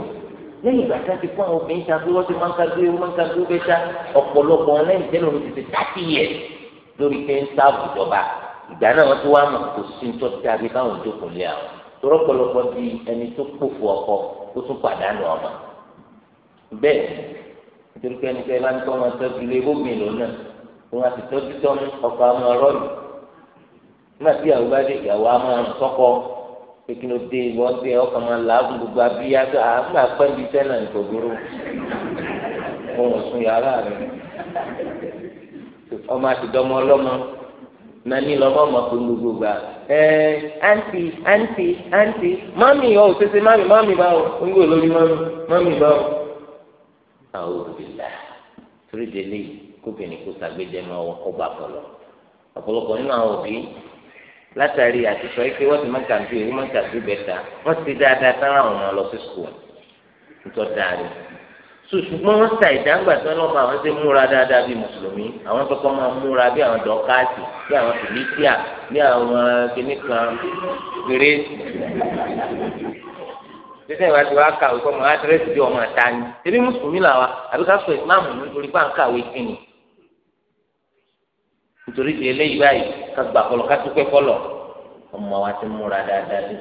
lẹ́yìn ìgbà tí a ti kó àwọn obìnrin ṣáà bí wọ́n ti máa ń ka dúró máa ń ka dúró bẹ́ẹ̀ ṣá ọ̀pọ̀lọpọ̀ lẹ́yìn tẹ́lẹ̀ ti ti tàbí yẹ lórí pé ń sáàbù ìjọba ìgbà náà wọn ti wá mọ kò sí tó dábí káwọn jókòó lé àwọn tọrọ pọ̀lọpọ̀ di ẹni tó kófò ọkọ ó tún pàdánù ọmọ bẹ́ẹ̀ nítorí pé ẹni pé bá ń tọ́ ọmọ tọ́jú lé gómìn ló náà wọn àti tọ́jú tọ́mú ọkọ àwọn ọ̀rọ̀ yìí nígbà tí ìyàwó bá dé ìyàwó àwọn ọmọ sọ́kọ pé kí ló dé ìwọ́n dé ọkọ̀ máa làágùn gbogbo abíyá tó àgbà pẹ́ẹ́lí sẹ́nà ìkògbóró ohun ọ̀sùn yàrá rẹ̀ ọmọ àti ọlọ́mọ nani lọmọ ọmọ tó ń gbogbo gbà ẹ àǹtí àǹtí àǹtí mọ́mì ọ̀ ṣẹṣẹ mọ́mì mọ́mì báwo ń gbé lórí mọ́mì mọ́mì báwo. àwọn olùdílà torí délé kóbìnrin kó sàgbéjẹ mọ ọgbà pọlọ ọ̀pọ̀lọpọ̀ nínú àwọn òbí látàrí àtìsọ yìí pé wọ́n ti máa ń tàbí ìwé máa ń tàbí bẹ́ẹ̀ ta ti dáadáa sára ọmọ lọ sí skul nítorí dáa ṣùgbọ́n wọ́n ta ìdágbà tí wọ́n lọ́mọ àwọn ṣe múra dáadáa bíi mùsùlùmí àwọn kọ́kọ́ máa múra bí àwọn dọ́kásì bí àwọn tìlísíà bí àwọn kìnnìkan péré. sísè wá ti wá kàwé kọ́ mọ àdírẹ́sì bí ọmọ àta ni ebi mùsùlùmí là wa àbí ká sọ ìsìláàmù nítorí pé à ń kàwé kíni. nítorí ti eléyìí báyìí ká gbà kọlọ ká tún pẹ́ kọlọ ọmọ wa ti múra dáadáa ti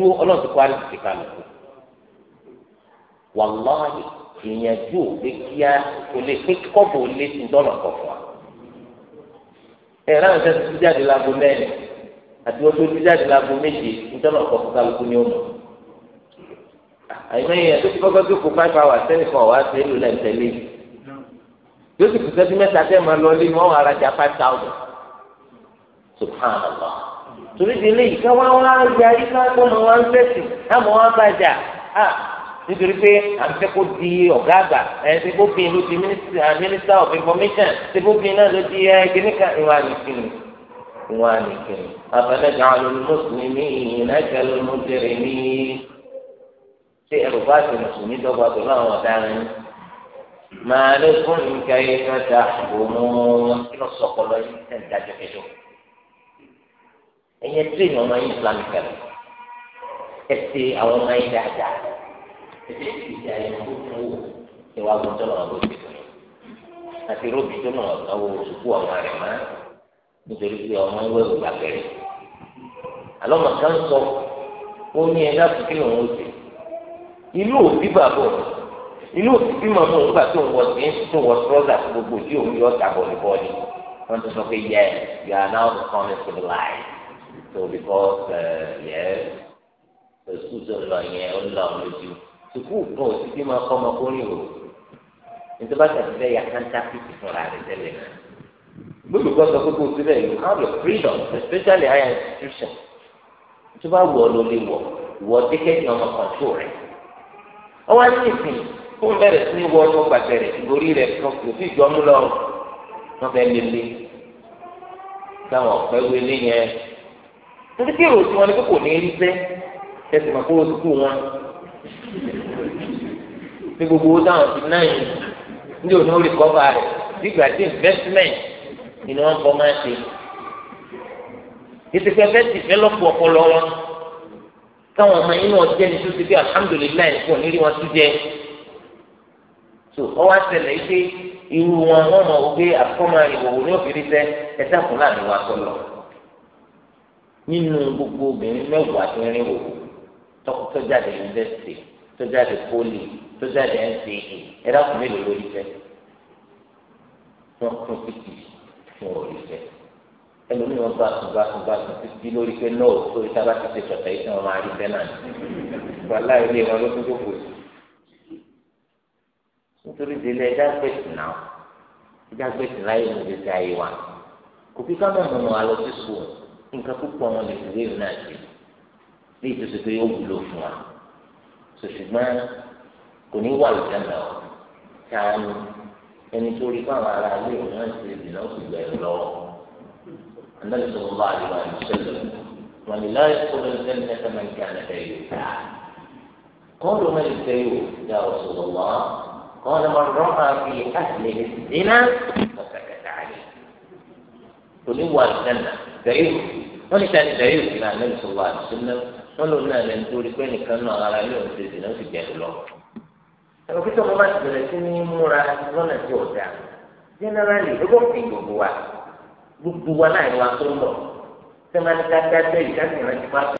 kọ́ àdìsí ìyànjú ò lè kíá kò lè pé kọ́bù lè ti dọ́là kọ̀ọ̀kan. ẹ̀rọ àwọn ìṣẹ́jú jáde láago mẹ́rin àti wọ́n tó ti jáde láago méje ìdọ́là kọ̀ọ̀kan kálukú ni ó mọ̀. àyìnbó yẹn tó ti kọ́kọ́ tó kó five hours sẹ́nìkan wá sí èlò náà tẹ̀lé yìí. yóò sì kù sẹ́jú mẹ́ta tẹ́ máa lọ lé wọn ara jà five thousand. subhanallah torí délé yìí ká wá wá yarí ká tó mọ wá ń fẹ́sìn nítorí pé à ń fẹ́ kó di ọ̀gá àgbà ẹ̀ ṣe kó ló di uh, minister of information ṣe kó bí náà ló di ẹgbẹ́nìkà ìwà nìkìnnì ìwà nìkìnnì àfẹnẹ́jà àwọn mùsùlùmí ìnájà ló mú jẹrẹ ní ṣé ẹ̀rù bá ṣe mùsùlùmí dọ́gba pẹ̀lú àwọn ọ̀daràn ni. màá lè fún nǹkan yìí fẹ́ ta òmù kí ló sọ̀kọ lọ yìí ẹ̀ ń dájọ́ kẹjọ. ẹ̀yẹ tí ìyọ̀n máa ń ẹ̀ ẹ̀jẹ̀ ìgbésí ayé wọn tó fún wò ìwà gbọ́dọ̀ náà ló ti fún un àti róbì tó náà sanwó sùkú ọmọ rẹ̀ mọ́ nítorí pé ọmọ ìwé ògbà bẹ̀rẹ̀ àlọ́mọ kan sọ ó ní ẹ láti kí òun ó ṣe ìlú òbí bàbá òun ìlú òbí bímọ fún òun gbà tó ń wọ sí tó wọ trọ́sà gbogbo tí òun yọ ọ̀tà bọ̀lìbọ̀lì wọ́n ti sọ pé yẹ you are now coming to the light so because yẹ oṣù tó lọ yẹn ó lọ lójú sukuu kan ò sì fi máa kọ́ ọmọ kórìí o nítorí bàtà ti fẹ́ ya kanta fífi fúnra rẹ̀ tẹ́lẹ̀ náà lórí kọ́ sọ gbogbo síbẹ̀ you have your freedom especially higher institution tó bá wọ̀ ló lè wọ̀ wọ̀ tíkẹ́tì ọmọ kọ̀ǹtò rẹ̀ ọwọ́ á ní ìsìn kó n bẹ̀rẹ̀ sí ní wọ ọdún gbàgbẹ̀rẹ̀ ìborí rẹ̀ kan kò sí ìjọ mú lọ wọn fẹ́ táwọn ọ̀pẹ́ wọlé yẹn nítorí kí èrò tí wọn ní kókò ní í ní gbogbo owó táwọn ti náà yìí ní òní ó lè kọ́ba rẹ̀ nígbà tí investment ni wọ́n bọ́ máa ṣe ètò ìfẹ́ ti fẹ́ lọ́pọ̀ ọpọlọ wọn káwọn ọmọ inú ọjọ́ ẹni tó ti fi alhamdulilayi fún onírí wọn tún jẹ tó ọwọ́ àtẹlẹ yìí pé irú wọn wọn mọ wọ́n gbé àkọ́mọ ìwòwò ní òfin sẹ́ ẹ̀sẹ̀ fún láàrin wa sọ̀rọ̀ nínú gbogbo obìnrin mẹ́wàá tó ń rìn wòwò tó jáde yunifásitì tó jáde pólì tó jáde nce ẹ̀dá kùn mélòó lórí fẹ́ wọ́n kún títì fún òrí fẹ́ ẹlòmíì wọn bá tún bá tún bá tún títí lórí pé náà sórí tá a bá ti ṣe sọ̀tẹ̀ yìí tí wọ́n máa rí fẹ́ náà wàhálà ilé wọn ló tún tó kù sí nítorí délé ẹjá gbèsè náà ẹjá gbèsè láyé ní ìgbésí ayé wa kò fi ká mọ̀ mọ́ wa lọ sí sùn nǹkan púpọ̀ wọn lè fi léèrè náà ṣe. ní ìtòsí pé yóò wúlò fún wa ṣùṣùgbọ́n kò ní wà lùjánà ọ̀ sáánù ẹni tó rí fáwọn ará ilé ìwé náà ti rìn náà sì gbẹ̀rù lọ́wọ́ ànábì sọ̀rọ̀ bá àdìgbà ìṣẹ̀lẹ̀ wọn ni láyé kó lọ sí ẹni tẹ́tẹ́ máa ń kí àná bẹ́ẹ̀ yóò dáa kó ló máa ń tẹ́ yóò dá yoo sọ̀rọ̀ wá kó ló máa rọ́ máa fi àtìlẹ́ ìdínà ọ̀sàkàtà rẹ̀ kò ní wà lùjánà bẹ́ẹ̀ yóò wọ́n ní wọn lò náà lẹni tó rí pé nìkan náà ara yóò ṣe dì náà sì gbẹdù lọ. ẹ̀rọ pípẹ́ ọmọ bá ti bẹ̀rẹ̀ sí ní múra lọ́nà tí ò dáa jẹ́nẹ́rálì ẹgbọ́n fi gbogbo wa gbogbo wa láì wá tó lọ sẹ́mánì ká dá bẹ́ẹ̀ ìdásìn rẹ̀ ti